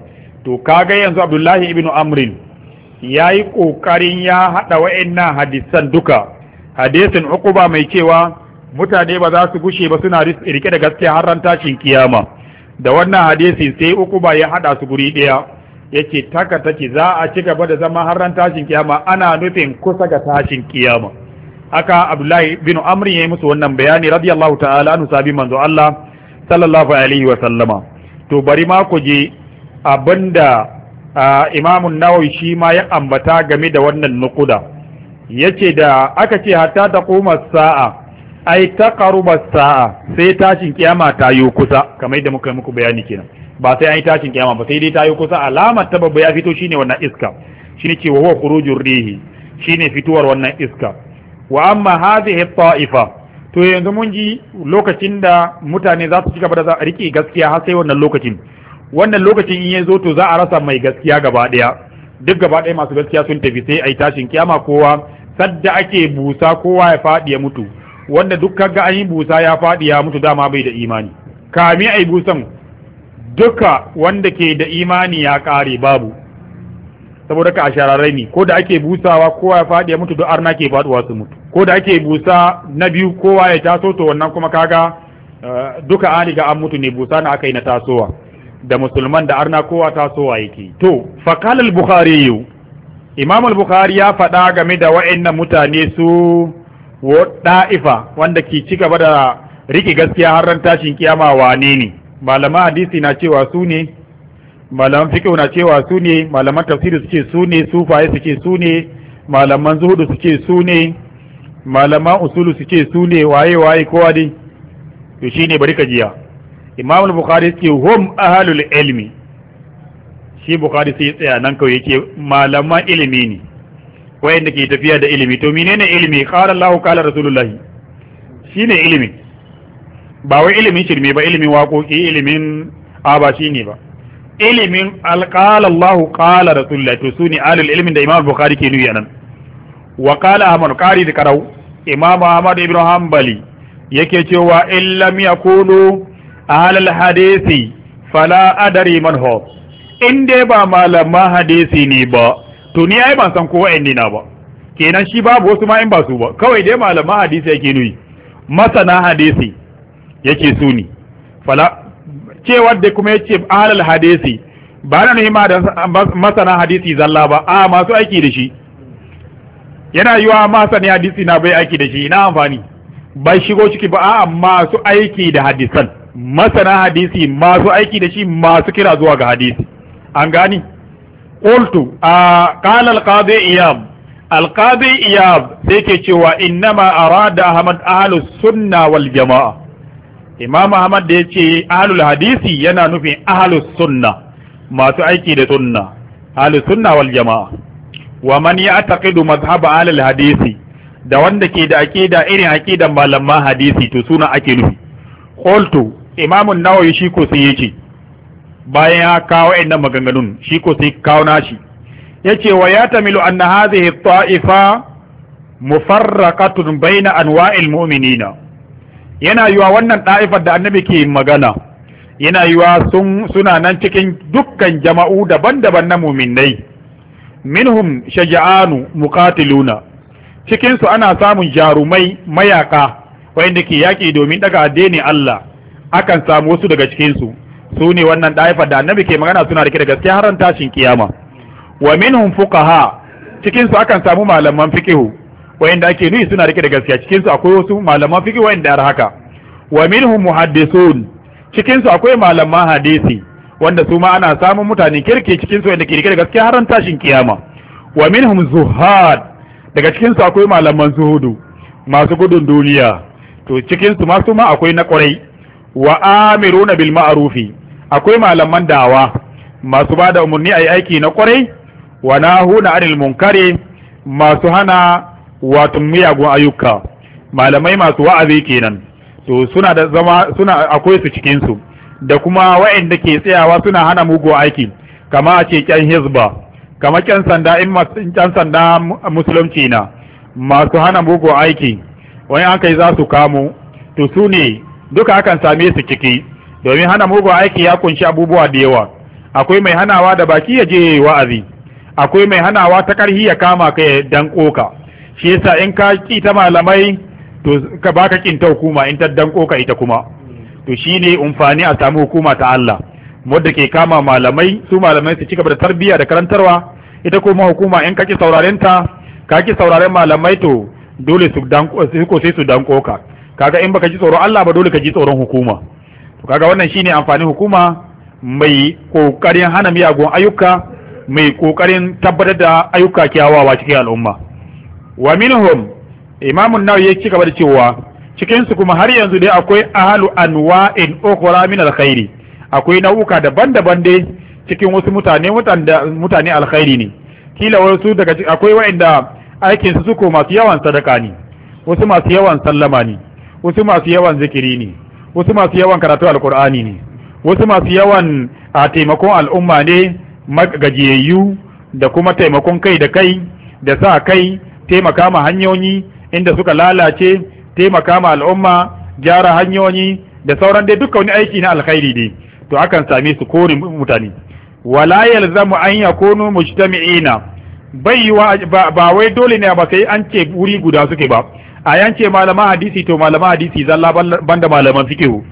to kaga yanzu Abdullahi Ibnu Amrin yayi kokarin ya hada wa'annan hadisan duka hadisin Uquba mai cewa mutane ba za su gushe ba suna rike da gaskiya har ran tashin kiyama da wannan hadisi sai Uquba ya haɗa su guri ɗaya, yace taka take za a ci gaba da zama har ran tashin kiyama ana nufin kusa ga tashin kiyama aka abdullahi bin Amri ya yi musu wannan bayani radiyallahu ta'ala anhu sabi manzo Allah sallallahu alaihi wa sallama to bari ma ku je abinda imamun nawawi shi ma ya ambata game da wannan nukuda yace da aka ce hatta ta koma sa'a ai ta karuba sa'a sai tashin kiyama ta yi kusa kamar yadda muka muku bayani kenan ba sai an yi tashin kiyama ba sai dai ta yi kusa alamar ta babba ya fito shine wannan iska shine ce wa huwa khurujur rihi shine fitowar wannan iska wa amma hadhihi ta'ifa to yanzu mun ji lokacin da mutane za su ci gaba da za a rike gaskiya har sai wannan lokacin wannan lokacin in ya zo to za a rasa mai gaskiya gaba daya duk gaba daya masu gaskiya sun tafi sai ai tashin kiyama kowa sadda ake busa kowa ya faɗi ya mutu wanda duk ga an busa ya faɗi ya mutu dama bai da imani kami ai busan duka wanda ke da imani ya ƙare babu saboda ka a shararai ne ko da ake busawa kowa ya faɗi ya mutu duk arna ke faɗuwa su mutu ko da ake busa na biyu kowa ya taso to wannan kuma kaga eh, duka an an mutu ne busa na aka yi na tasowa da musulman da arna kowa tasowa yake to faqala al-bukhari imam al-bukhari ya faɗa game da wa'annan mutane su da'ifa wanda ke ci gaba da rike gaskiya har ran tashin kiyama wane ne malama hadisi na cewa su ne malaman fiƙe na cewa su ne malaman tafsiri su ce su ne sufaye su ce su ne malaman zuhudu su ce su ne malaman usulu su ce su ne waye waye kowa ne to ne bari ka jiya imam al-bukhari hom hum ahlul ilmi shi bukhari sai tsaya nan kawai yake malaman ilimi ne wayanda ke tafiya da ilimi to menene ilimi qala Allah qala rasulullahi shine ilimi ba wai ilimin shirme ba ilimin waƙoƙi ilimin aba ne ba ilimin alƙala Allah ƙala Rasulullah to su ne alil ilimin da Imam Bukhari ke nuyi nan wa ƙala Ahmad qari da karau Imam Ahmad ibn Hanbali yake cewa in lam yakunu alal hadisi fala adari man hu in dai ba malama hadisi ne ba to ni ai ban san ko wa'anni na ba kenan shi babu wasu ma in ba su ba kawai dai malama hadisi yake nuyi masana hadisi yake su ne fala cewar da kuma yace alal hadisi ba na nuhima da masana hadisi zalla ba a masu aiki da shi yana yiwa masani hadisi na bai aiki da shi ina amfani bai shigo ciki ba a masu aiki da hadisan masana hadisi masu aiki da shi masu kira zuwa ga hadisi an gani qultu a qala al-qadi iyab al-qadi iyab sai ke cewa innama arada ahmad ahlus sunna wal jamaa imam ahmad da ya ce ahlul hadisi yana nufin ahlus sunna masu aiki da sunna ahlus sunna wal jama'a wa man ya'taqidu mazhab ahlul hadisi da wanda ke da aqida irin aqidan malaman hadisi to suna ake nufi qultu imam an-nawawi shi ko sai yace bayan ya kawo innan maganganun shi ko sai kawo nashi yace wa tamilu anna hadhihi at-ta'ifa mufarraqatun bayna anwa'il mu'minina yana yiwa wannan ɗa'ifar da annabi ke magana yana yiwa sun suna nan cikin dukkan jama'u daban-daban na muminai minhum shaja'anu muqatiluna cikin su ana samun jarumai mayaka wanda ke yaki domin daga addini Allah akan samu wasu daga cikin su ne wannan ɗa'ifar da annabi ke magana suna rike da gaskiya har tashin kiyama wa minhum fuqaha cikin su akan samu malaman fikihu. da ake nuhi suna rike da gaskiya cikin su akwai wasu malaman fiqh wayanda har haka wa minhum muhaddisun cikin su akwai malaman hadisi wanda su ma ana samun mutane kirki cikin su wanda ke rike da gaskiya har tashin kiyama wa minhum zuhad daga cikin su akwai malaman zuhudu masu gudun duniya to cikin su ma ma akwai na kwarai wa amiruna bil ma'rufi akwai malaman dawa masu ba da umarni a yi aiki na kwarai wa nahuna anil munkari masu hana wato miyagun ayyuka malamai masu wa'azi kenan to suna da zama suna akwai su cikin su da kuma wa'anda ke tsayawa suna hana mugu aiki kama a ce kyan hizba kama kyan sanda in kyan sanda musulunci na masu hana mugu aiki wani an kai za su kamo to su ne duka akan same su ciki domin hana mugu aiki ya kunshi abubuwa da yawa akwai mai hanawa da baki ya je wa'azi akwai mai hanawa ta karhi ya kama ka ya danko shi yasa in ka ki ta malamai to ka baka kin ta hukuma in ta danko ka ita kuma to shine umfani a samu hukuma ta Allah wanda ke kama malamai su malamai su cigaba da tarbiyya da karantarwa ita kuma hukuma in kaki sauraren ta kaki sauraren malamai to dole su danko ko sai su danko ka kaga in baka ji tsoron Allah ba dole ka ji tsoron hukuma to kaga wannan shine amfani hukuma mai kokarin hana miyagun ayyuka mai kokarin tabbatar da ayyuka kyawawa cikin al'umma wa minhum imamun nawawi ya ci gaba da cewa cikin su kuma har yanzu dai akwai ahlu anwa'in ukhra min alkhairi akwai nau'uka daban-daban dai cikin wasu mutane mutane alkhairi ne kila wasu daga akwai wa'inda aikin su suko masu yawan sadaka ne wasu masu yawan sallama ne wasu masu yawan zikiri ne wasu masu yawan karatu alkur'ani ne wasu masu yawan a taimakon al'umma ne gajiyayyu da kuma taimakon kai da kai da sa kai taimaka ma hanyoyi inda suka lalace taimaka ma al'umma gyara hanyoyi da sauran dai duka wani aiki na alkhairi dai to akan same su kore mutane wala yalzamu an yakunu mujtami'ina bai ba wai dole ne ba sai an ce wuri guda suke ba a yance malaman hadisi to malaman hadisi zalla banda malaman fikihu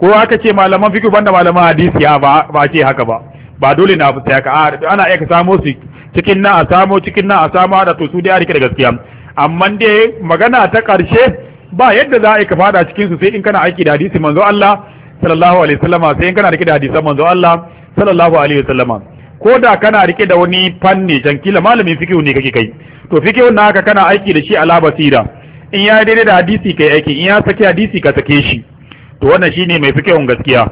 ko aka ce malaman fikihu banda malaman hadisi ba ba ce haka ba ba dole na fita ka ana aika samo su cikin nan a samo cikin nan a samo da to su dai a rike da gaskiya amma dai magana ta karshe ba yadda za a yi ka fada cikin su sai in kana aiki da hadisi manzo Allah sallallahu alaihi wasallama sai in kana rike da hadisan manzo Allah sallallahu alaihi wasallama ko da kana rike da wani fanni jankila malamin fikihu ne kake kai to na naka kana aiki da shi ala basira in ya daidai da hadisi kai aiki in ya saki hadisi ka sake shi to wannan shine mai fikihun gaskiya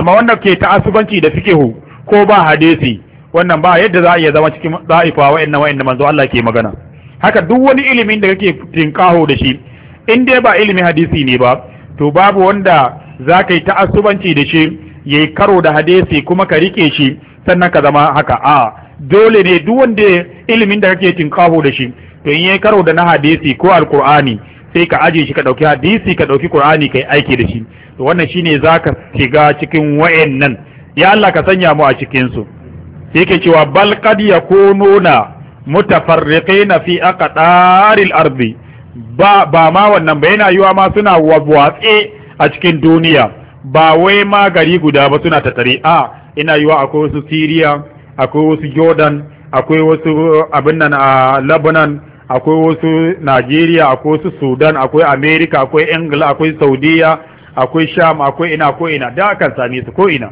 amma wanda ke ta asubanci da fikihu ko ba hadisi wannan ba yadda za a iya zama cikin za'ifa wa'annan wa'anda manzo Allah ke magana haka duk wani ilimin da kake tinkaho da shi in dai ba ilimin hadisi ne ba to babu wanda za ka yi ta'assubanci da shi ya yi karo da hadisi kuma ka rike shi sannan ka zama haka a dole ne duk wanda ilimin da kake tinkaho da shi to in yayi karo da na hadisi ko alqur'ani sai ka aje shi ka dauki hadisi ka dauki qur'ani kai aiki da shi to wannan shine zaka shiga cikin wa'annan ya Allah ka sanya mu a cikin su yake cewa bal qad yakununa mutafarriqina fi aqdaril ardi ba ba ma wannan ba yana yiwa ma suna wabwatse a cikin duniya ba wai ma gari guda ba suna tattare a ina yiwa akwai wasu Syria akwai wasu Jordan akwai wasu uh, abin nan a uh, Lebanon akwai wasu Najeriya akwai wasu Sudan akwai America akwai Ingila akwai Saudiya akwai Sham akwai ina ko ina da kan same su ko ina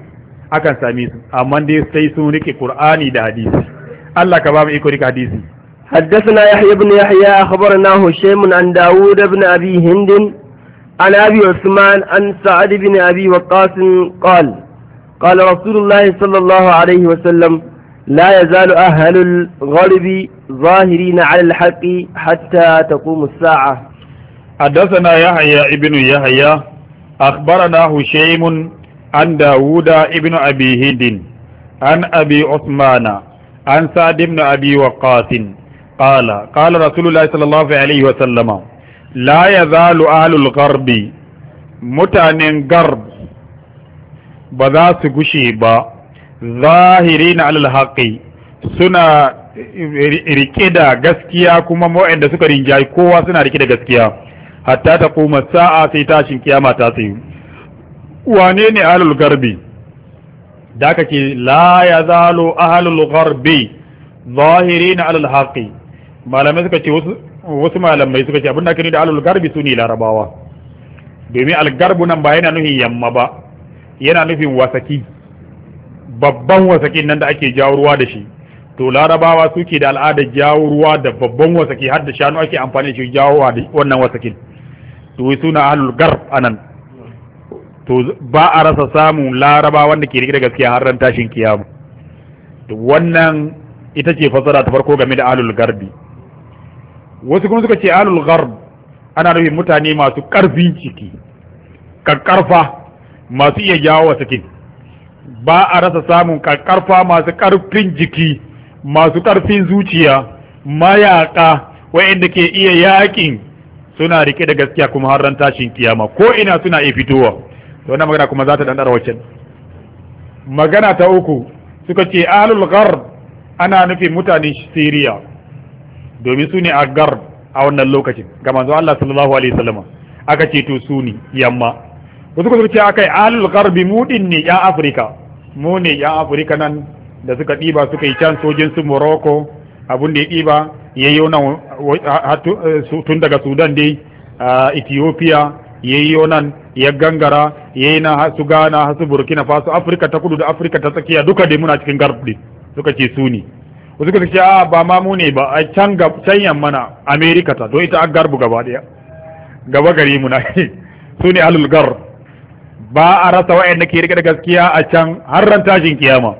akan sami su amma dai sai sun rike Qur'ani da hadisi Allah ka ba mu iko rike hadisi حدثنا يحيى بن يحيى أخبرنا هشيم عن داود بن أبي هند عن أبي عثمان عن سعد بن أبي وقاص قال قال رسول الله صلى الله عليه وسلم لا يزال أهل الغرب ظاهرين على الحق حتى تقوم الساعة حدثنا يحيى ابن يحيى أخبرنا هشيم عن داود ابن أبي هند عن أبي عثمان عن سعد بن أبي وقاص قال قال رسول الله صلى الله عليه وسلم لا يزال أهل الغرب متان غرب بذا سقشي با ظاهرين على الحق سنة rike da gaskiya kuma waɗanda suka rinjayi kowa suna rike da gaskiya hatta ta kuma sa'a sai tashin kiyama ta tsayu wane ne ahalul garbi da aka ce la ya zalo ahalul garbi zahiri na alal haƙi malamai suka ce wasu malamai suka ce abin da aka da ahlul garbi su ne larabawa domin algarbu nan ba yana nufin yamma ba yana nufin wasaki babban wasaki nan da ake jawo ruwa da shi to larabawa suke da al'adar jawo ruwa da babban wasaki har da shanu ake amfani da shi jawo wannan wasakin to suna alul garb anan to ba a rasa samun laraba wanda ke rike da gaskiya har ran tashin kiyama wannan ita ce fasara ta farko game da alul garbi wasu kuma suka ce alul garb ana nufin mutane masu karfin ciki kakkarfa masu iya jawo wa sakin ba a rasa samun kakkarfa masu karfin jiki masu karfin zuciya mayaka wa'inda ke iya yakin suna rike da gaskiya kuma har ran tashin kiyama ko ina suna iya fitowa to wannan magana kuma za ta dandara wacce magana ta uku suka ce alul gharb ana nufi mutane Syria domin su ne a gharb a wannan lokacin ga manzo Allah sallallahu alaihi wasallam aka ce to su ne yamma wasu kuma suka ce akai alul gharb mu din ne ya afrika mu ne ya afrika nan da suka diba suka yi can sojin su Morocco abun da ya diba yayyo nan tun daga Sudan dai Ethiopia yayyo nan ya gangara yayi na su Ghana su Burkina Faso Afirka ta kudu da Afirka ta tsakiya duka dai muna cikin garb din suka ce su ne suka ce a ba ma mu ne ba a can ga can mana America ta don ita a garbu gaba daya gaba gari muna su ne alul gar ba a rasa wa'anda ke rike da gaskiya a can har ran tashin kiyama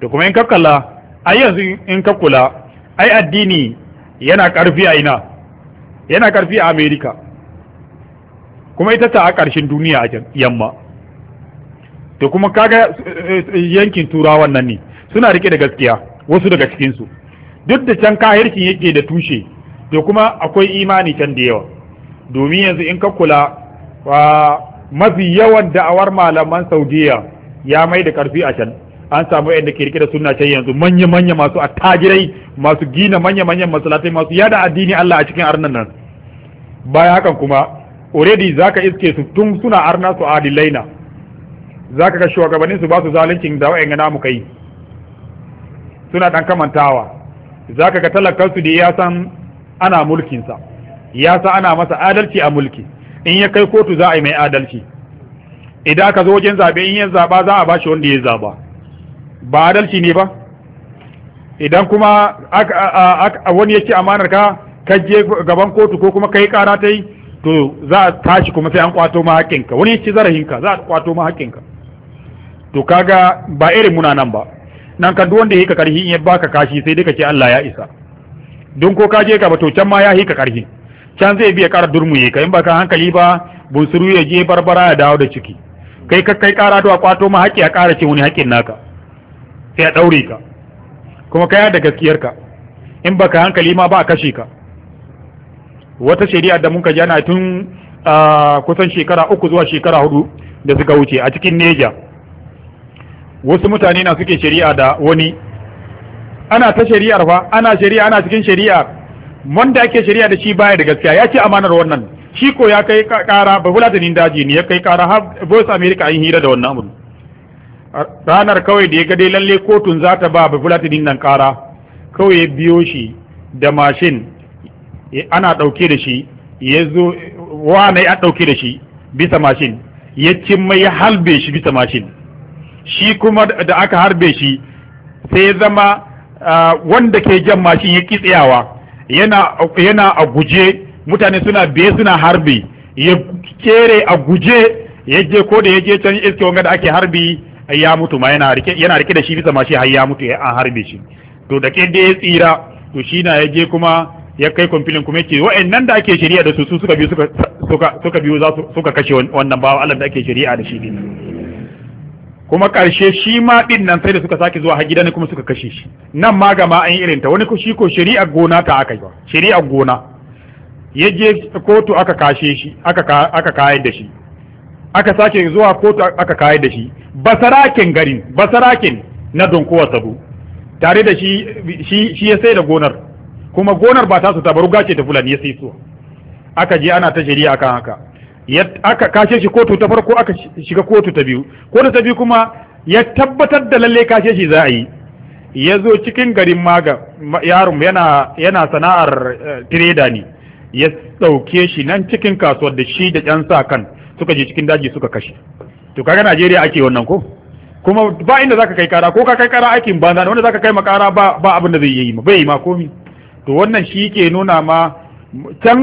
to kuma in ka kalla ai yanzu in ka kula ai addini yana karfi a ina yana karfi a America kuma ita ta a ƙarshen duniya a yamma to kuma kaga eh, eh, yankin turawan nan ne suna rike da gaskiya wasu daga cikinsu duk da can kahircin yake da tushe to kuma akwai imani can da yawa domin yanzu in ka kula mafi yawan da'awar malaman saudiya ya mai da karfi a can an samu yadda ke rike da sunna can yanzu manya-manya masu attajirai masu gina manya manya masalatai masu yada addini Allah a cikin arnan nan baya hakan kuma already zaka iske su tun suna arna su adilaina zaka ga shugabannin su ba su zaluncin da wa'in namu kai suna dan kamantawa zaka ga talakan da ya san ana mulkin ya san ana masa adalci a mulki in ya kai kotu za a yi mai adalci idan ka zo wajen zabe in ya zaba za a ba shi wanda ya zaba ba adalci ne ba idan kuma wani ya ci amanar ka ka je gaban kotu ko kuma kai kara ta yi to za a tashi kuma sai an kwato ma hakinka wani ci zarahinka za a kwato ma hakinka to kaga ba irin muna nan ba nan kan duk wanda ya yi karhi in ya baka kashi sai dai ka ce Allah ya isa don ko ka je ka ba to can ma ya yi ka karhi can zai biya ƙara durmuye ka in baka hankali ba bunsuru ya je barbara ya dawo da ciki kai ka kai kara to a kwato ma haƙi a kara ce wani haƙin naka sai a ɗaure ka kuma ka da gaskiyarka in baka hankali ma ba a kashe ka wata shari'a da muka jana tun kusan shekara uku zuwa shekara hudu da suka wuce a cikin neja wasu mutane na suke shari'a da wani ana ta shari'ar fa ana shari'a ana cikin shari'a wanda ake shari'a da shi baya da gaskiya ya ce amanar wannan shi ko ya kai kara ba fulatanin daji ne ya kai kara har voice america an hira da wannan abun ranar kawai da ya ga dai lalle kotun za ta ba ba fulatanin nan kara kawai ya biyo shi da mashin ana ɗauke da shi ya zo wane ya ɗauke da shi bisa mashin ya cimma ya halbe shi bisa mashin shi kuma da aka harbe shi sai ya zama wanda ke jan mashin ya ki yana a guje mutane suna biye suna harbi ya kere a guje ya je ko da ya je can iske wanga da ake harbi ya mutu ma yana rike da shi bisa mashi har ya mutu an harbe shi to da kende ya tsira to shi na ya je kuma ya kai kwamfilin kuma yake wa'annan da ake shari'a da su su suka biyu suka suka biyu za suka kashe wannan bawa Allah da ake shari'a da shi din kuma karshe shi ma din nan sai da suka sake zuwa har gidan kuma suka kashe shi nan ma ga ma an yi irin ta wani ko shi ko shari'a gona ta aka yi ba shari'a gona ya je kotu aka kashe shi aka aka kayar da shi aka sake zuwa kotu aka kayar da shi basarakin garin basarakin na donkuwa sabu tare da shi shi ya sai da gonar kuma gonar ba ta su tabaru ce ta fulani ya sai su aka je ana ta shari'a akan haka aka kashe shi kotu ta farko aka shiga kotu ta biyu kotu ta biyu kuma ya tabbatar da lalle kashe shi za a yi ya zo cikin garin maga yaron yana yana sana'ar eh, tireda ne ya ɗauke shi nan cikin kasuwar da shi da ƴan sa kan suka je cikin daji suka kashe to kaga Najeriya ake wannan ko kuma ba inda zaka kai kara ko ka kai kara aikin banza wanda zaka kai makara ba ba abin da zai yi ma bai ma komai to wannan shi ke nuna ma can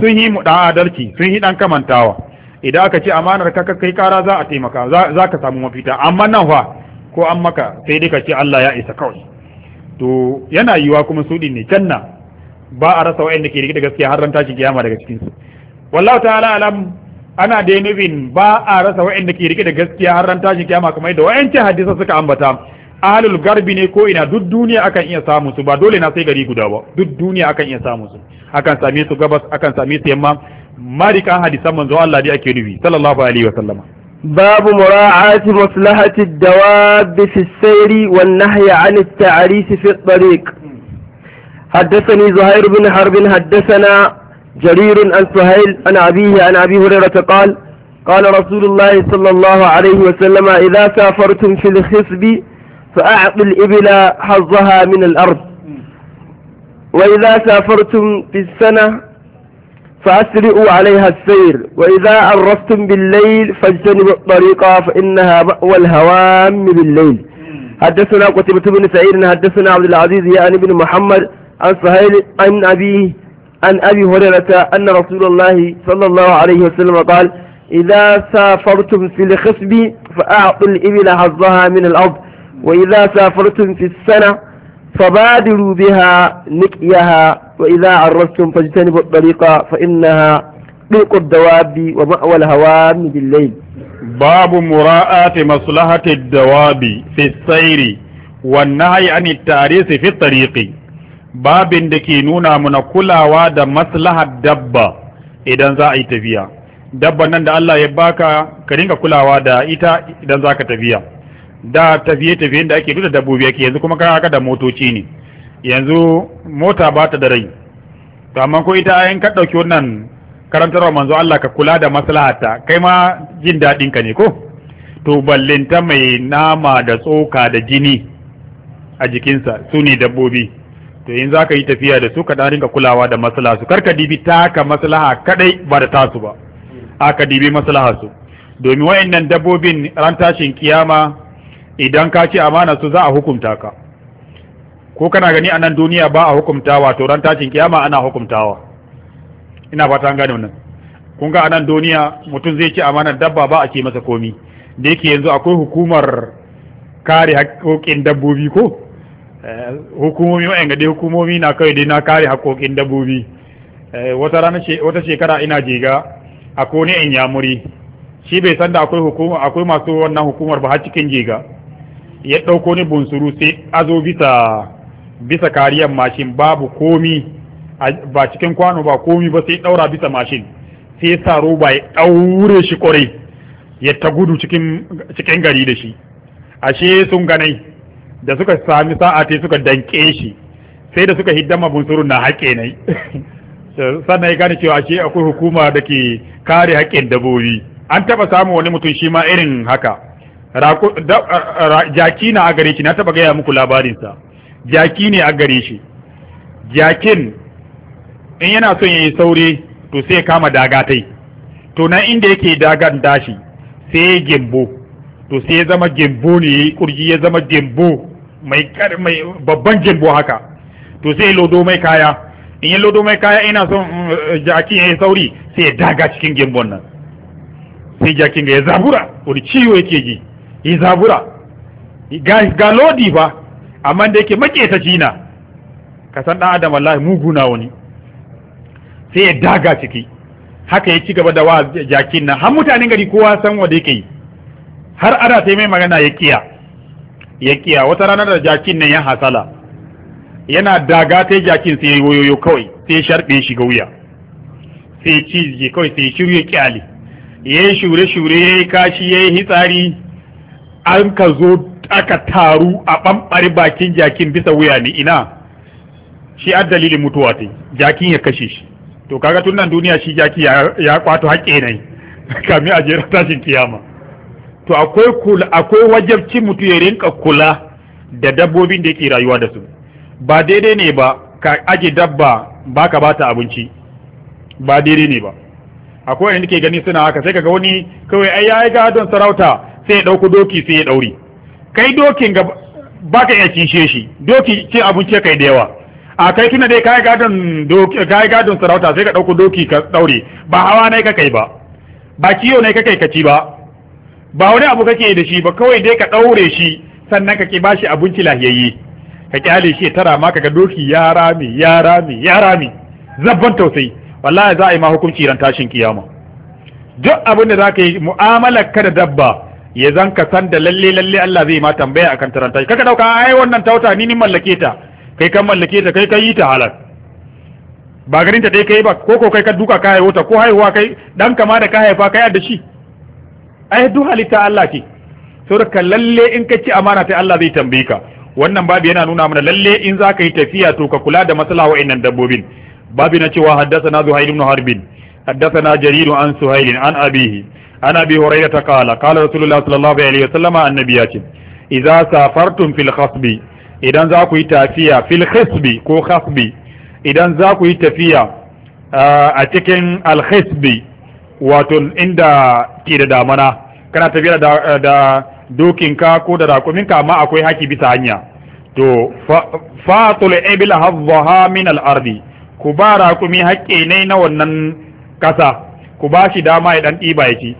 sun yi mu dan adalci sun yi dan kamantawa idan aka ce amanar ka kai kara za a taimaka za ka samu mafita amma nan fa ko an maka sai dai ka ce Allah ya isa kawai to yana yiwa kuma su ne can na ba a rasa wa'anda ke rike da gaskiya har ran tashi kiyama daga cikin su wallahu ta'ala alam ana da nufin ba a rasa wa'anda ke rike da gaskiya har ran tashi kiyama kamar yadda wa'ancin hadisa suka ambata ahlul garbi ne ko ina duk duniya akan iya samun su ba dole na sai gari guda ba duk duniya akan iya samun su akan same su gabas akan same su yamma marikan hadisan manzo Allah dai ake nufi sallallahu alaihi wa sallama باب مراعاة مصلحة الدواب في السير والنهي عن التعريس في الطريق حدثني زهير بن حرب حدثنا جرير عن سهيل عن أبيه عن أبي هريرة قال قال رسول الله صلى الله عليه وسلم إذا سافرتم في الخصب فأعطي الإبل حظها من الأرض وإذا سافرتم في السنة فأسرئوا عليها السير وإذا عرفتم بالليل فاجتنبوا الطريق فإنها مأوى الهوام بالليل حدثنا قتيبة بن سعيد حدثنا عبد العزيز يعني بن محمد عن سهيل عن أبيه عن أبي هريرة أن رسول الله صلى الله عليه وسلم قال إذا سافرتم في الخصب فأعطوا الإبل حظها من الأرض وإذا سافرتم في السنة فبادروا بها نقيها وإذا عرستم فاجتنبوا الطريق فإنها طريق الدواب ومأوى الهوام بالليل باب مراءة مصلحة الدواب في السير والنهي عن التعريس في الطريق باب دكي نونا من كل واد مصلحة دبة إذا زاء تفيا دبة نند الله يباكا كرينك كل واد إذا زاك تفيا da tafiye-tafiyen da ake duk da dabbobi ake yanzu kuma kaga da motoci ne yanzu mota ba ta da rai to amma ko ita ayin ka wannan karantarwa manzo Allah ka kula da maslahata kai ma jin daɗin ka ne ko to ballinta mai nama da tsoka da jini a jikinsa su ne dabbobi to in za ka yi tafiya da su ka dan ka kulawa da maslaha su karka dibi taka maslaha kaɗai, ba da tasu ba aka dibi maslaha su domin wayannan dabbobin ran tashin kiyama idan ka ci amana su za a hukunta ka ko kana gani a nan duniya ba a hukuntawa to ran tashin kiyama ana hukuntawa ina fata an gane wannan kun ga a nan duniya mutum zai ci amanar dabba ba a ce masa komi da yake yanzu akwai hukumar kare haƙoƙin dabbobi ko eh, hukumomi wa'yan dai hukumomi na kai dai na kare haƙoƙin dabbobi eh, wata rana wata shekara ina jega a ne in yamuri shi bai san da akwai hukuma akwai masu wannan hukumar ba har cikin jega ya ɗauko ni bunsuru sai azo bisa bisa kariyar mashin babu komi ba cikin kwano ba komi ba sai ɗaura bisa mashin sai ya sa roba ya ɗaure shi ƙwarai ya ta gudu cikin gari da shi ashe sun ganai da suka sami sa'a te suka danke shi sai da suka hiddama bunsurun na haƙe nai. sannan ya gane cewa ashe akwai hukuma da ke kare haƙƙin dabobi an taɓa samun wani mutum shi ma irin haka jaki na a gare shi na taba gaya muku labarinsa jaki ne a gare shi jakin in yana son ya yi saure to sai kama dagatai to nan inda yake dagan dashi sai ya gembo to sai ya zama gembo ne kurji ya zama gembo mai babban gembo haka to sai lodo mai kaya in ya lodo mai kaya ina son mm, eh, jakin ya yi sauri sai ya daga cikin gembon nan sai jakin ga ya zabura wani ciwo yake ji yi zabura ga lodi ba amma da yake maƙetaci na ka san ɗan adam wallahi muguna wani sai ya daga ciki haka ya ci gaba da wa jakin nan har mutanen gari kowa san wanda yake yi har ana sai mai magana ya kiya ya kiya wata ranar da jakin nan ya hasala yana daga ta jakin sai yoyoyo kawai sai sharbe shi ga wuya sai cizge kawai sai shiru ya kyale ya shure shure ya kashi ya hitsari an ka zo aka taru a ɓamɓare bakin jakin bisa wuya ne ina shi a dalilin mutuwa ta jakin ya kashe shi to kaga tun nan duniya shi jaki ya kwato haƙƙe ne kami a jera tashin kiyama to akwai kula akwai wajabci mutu ya rinka kula da dabbobin da yake rayuwa da su ba daidai ne ba ka aje dabba ba ka bata abinci ba daidai ne ba akwai wanda ke gani suna haka sai kaga wani kawai ai yayi gadon sarauta sai ya ɗauko doki sai ya ɗauri kai dokin ga ba ka iya kishe shi doki ce abinci kai da yawa a kai tuna dai kai gadon gadon sarauta sai ka ɗauko doki ka ɗaure ba hawa ne ka kai ba ba kiyo ne ka kai ka ci ba ba wani abu kake da shi ba kawai dai ka ɗaure shi sannan ka ke ba shi abinci lahiyayye ka kyale shi tara ma ga doki ya rami ya rami ya rami zabban tausayi wallahi za a yi ma hukunci ran tashin kiyama duk abin da za ka yi mu'amalar ka da dabba ya zan ka san da lalle lalle Allah zai ma tambaya akan taranta kaka dauka ai wannan tauta ni ni mallake ta kai kan mallake ta kai kai ta halal ba garin ta dai kai ba ko ko kai ka duka ka haihuwa ko haihuwa kai dan kama da ka haifa kai da shi ai duk halitta Allah ce saboda lalle in ka ci amana ta Allah zai tambaye ka wannan babu yana nuna mana lalle in za ka yi tafiya to ka kula da maslaha wa'annan dabbobin babu na cewa haddasa na zuhail ibn harbin haddasa na jarir an suhail an abihi ana bi hurairah qala qala rasulullah sallallahu alaihi wasallam annabi ya ce idza safartum fil khasbi idan za ku yi tafiya fil khasbi ko khasbi idan za ku tafiya a cikin al khasbi wato inda ke da damana kana tafiya da dokinka ko da rakuminka amma akwai haki bisa hanya to fatul ibil hazzaha min al ku ba raƙumi haƙƙi ne na wannan ƙasa? ku ba shi dama ya dan ɗiba yake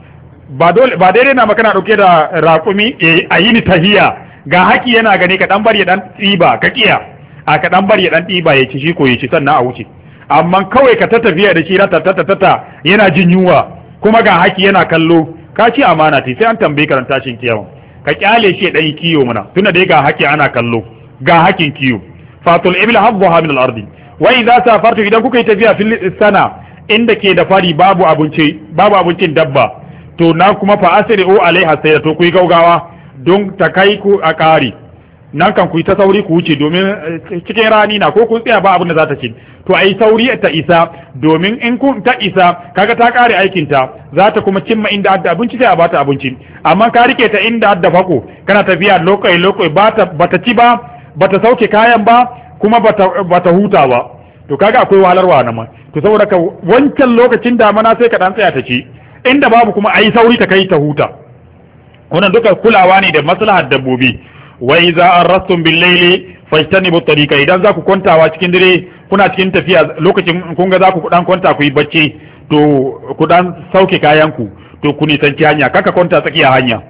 ba dole ba daidai na magana dauke da rakumi eh, a yini ni tahiya ga haki yana gani ka dan bari ya dan tsiba ka kiya a ka dan bari ya dan tsiba ya ci shi ko ya ci sannan a wuce amma kawai ka tatafiya da shi rata tata tata yana jin yunwa kuma ga haki yana kallo ka ci amana ti sai an tambaye ka tashin kiyawa ka kyale shi dan kiyo muna tunda dai ga haki ana kallo ga hakin kiyo fatul ibla hadhaha min al-ardi wa idza safartu idan kuka yi tafiya fil sana inda ke da fari babu abinci babu abincin dabba to na kuma fa alai alaiha sayda to ku gaugawa don ta kai ku a ƙari nan kan ku yi ta sauri ku wuce domin eh, cikin rani na ko kun tsaya ba abin da za ta ci to ai sauri ta isa domin in kun ta isa kaga ta kare aikin ta za ta kuma cimma inda adda abinci sai a bata abinci amma ka rike ta inda adda fako kana tafiya lokai lokai bata bata ci ba bata sauke kayan ba kuma bata bata huta ba to kaga akwai wahalarwa nan ma to saboda ka wancan lokacin da mana sai ka dan tsaya ta ci inda babu kuma ayi sauri ta kai ta huta wannan duka kulawa ne da maslahar dabbobi wa iza arrastum bil layli fajtanibu tariqa idan za ku kwantawa cikin dare kuna cikin tafiya lokacin kun ga za ku dan kwanta ku yi bacci to ku dan sauke kayan ku to ku nisanci hanya kaka kwanta tsakiya hanya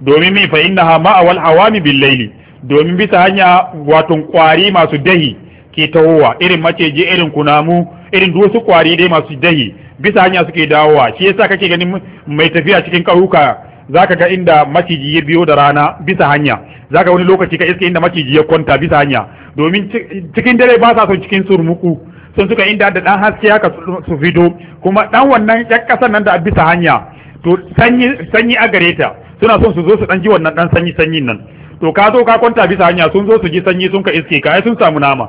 domin mi fa innaha ma'awal awami bil layli domin bisa hanya wato kwari masu dahi ke tawowa irin maceji irin kunamu irin kwari dai masu dahi bisa hanya suke dawowa shi yasa kake ganin mai tafiya cikin ƙauyuka zaka ga inda maciji ya biyo da rana bisa hanya zaka wani lokaci ka iske inda maciji ya kwanta bisa hanya domin cikin dare ba sa son cikin surmuku sun suka inda da dan haske haka su fito kuma dan wannan ƴan kasan nan da bisa hanya to sanyi sanyi a gare ta suna son su zo su dan ji wannan dan sanyi sanyin nan to ka zo ka kwanta bisa hanya sun zo su ji sanyi sun ka iske ka ai sun samu nama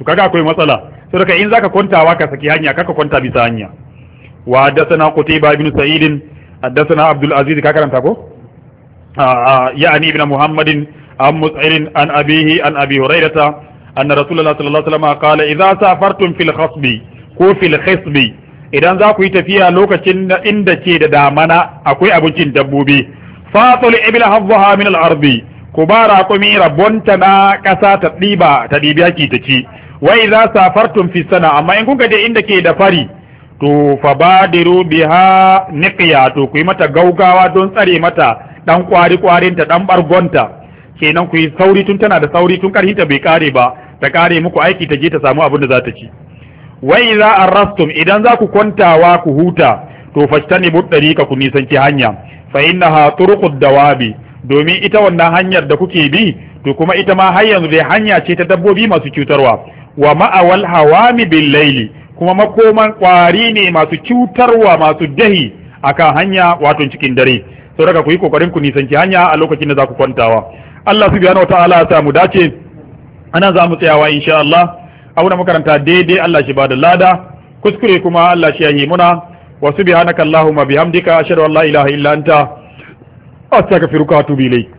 to kaga akwai matsala saboda in zaka kwantawa ka saki hanya kaka kwanta bisa hanya wa haddathana qutayba ibn sa'id haddathana abdul aziz ka karanta ko ya'ni ibn muhammadin an mus'ilin an abihi an abi hurairata anna rasulullah sallallahu alaihi wasallam qala idza safartum fil khasbi ko fil idan za ku tafiya lokacin da inda ke da damana akwai abincin dabbobi fatul ibla hazzaha min al-ardi ku ba raƙumi rabonta na ƙasa ta ɗiba ta ɗibiya ki ta ci wai za safartum amma in kuka je inda ke da fari to fa badiru biha niqiya to ku yi mata gaugawa don tsare mata dan kwari ƙwarinta ɗan ɓargonta kenan ku yi sauri tun tana da sauri tun ta bai kare ba ta kare muku aiki ta je ta samu abin da za ta ci wai za a arrastum idan za ku kwantawa ku huta to fastanibu ka ku nisanci hanya fa innaha turuqud dawabi domin ita wannan hanyar da kuke bi to kuma ita ma har yanzu dai hanya ce ta dabbobi masu cutarwa wa ma'awal hawami bil laili kuma makoman kwari ne masu cutarwa masu dahi akan hanya wato cikin dare sau daga ku yi kokarin ku nisanci hanya a lokacin da za ku kwantawa Allah subhanahu wataala ya sa mu dace ana za mu tsayawa insha Allah auna makaranta daidai Allah shi ba da lada kuskure kuma Allah shi yayi muna wa subhanaka allahumma bihamdika ashhadu an la ilaha illa anta astaghfiruka wa atubu ilayk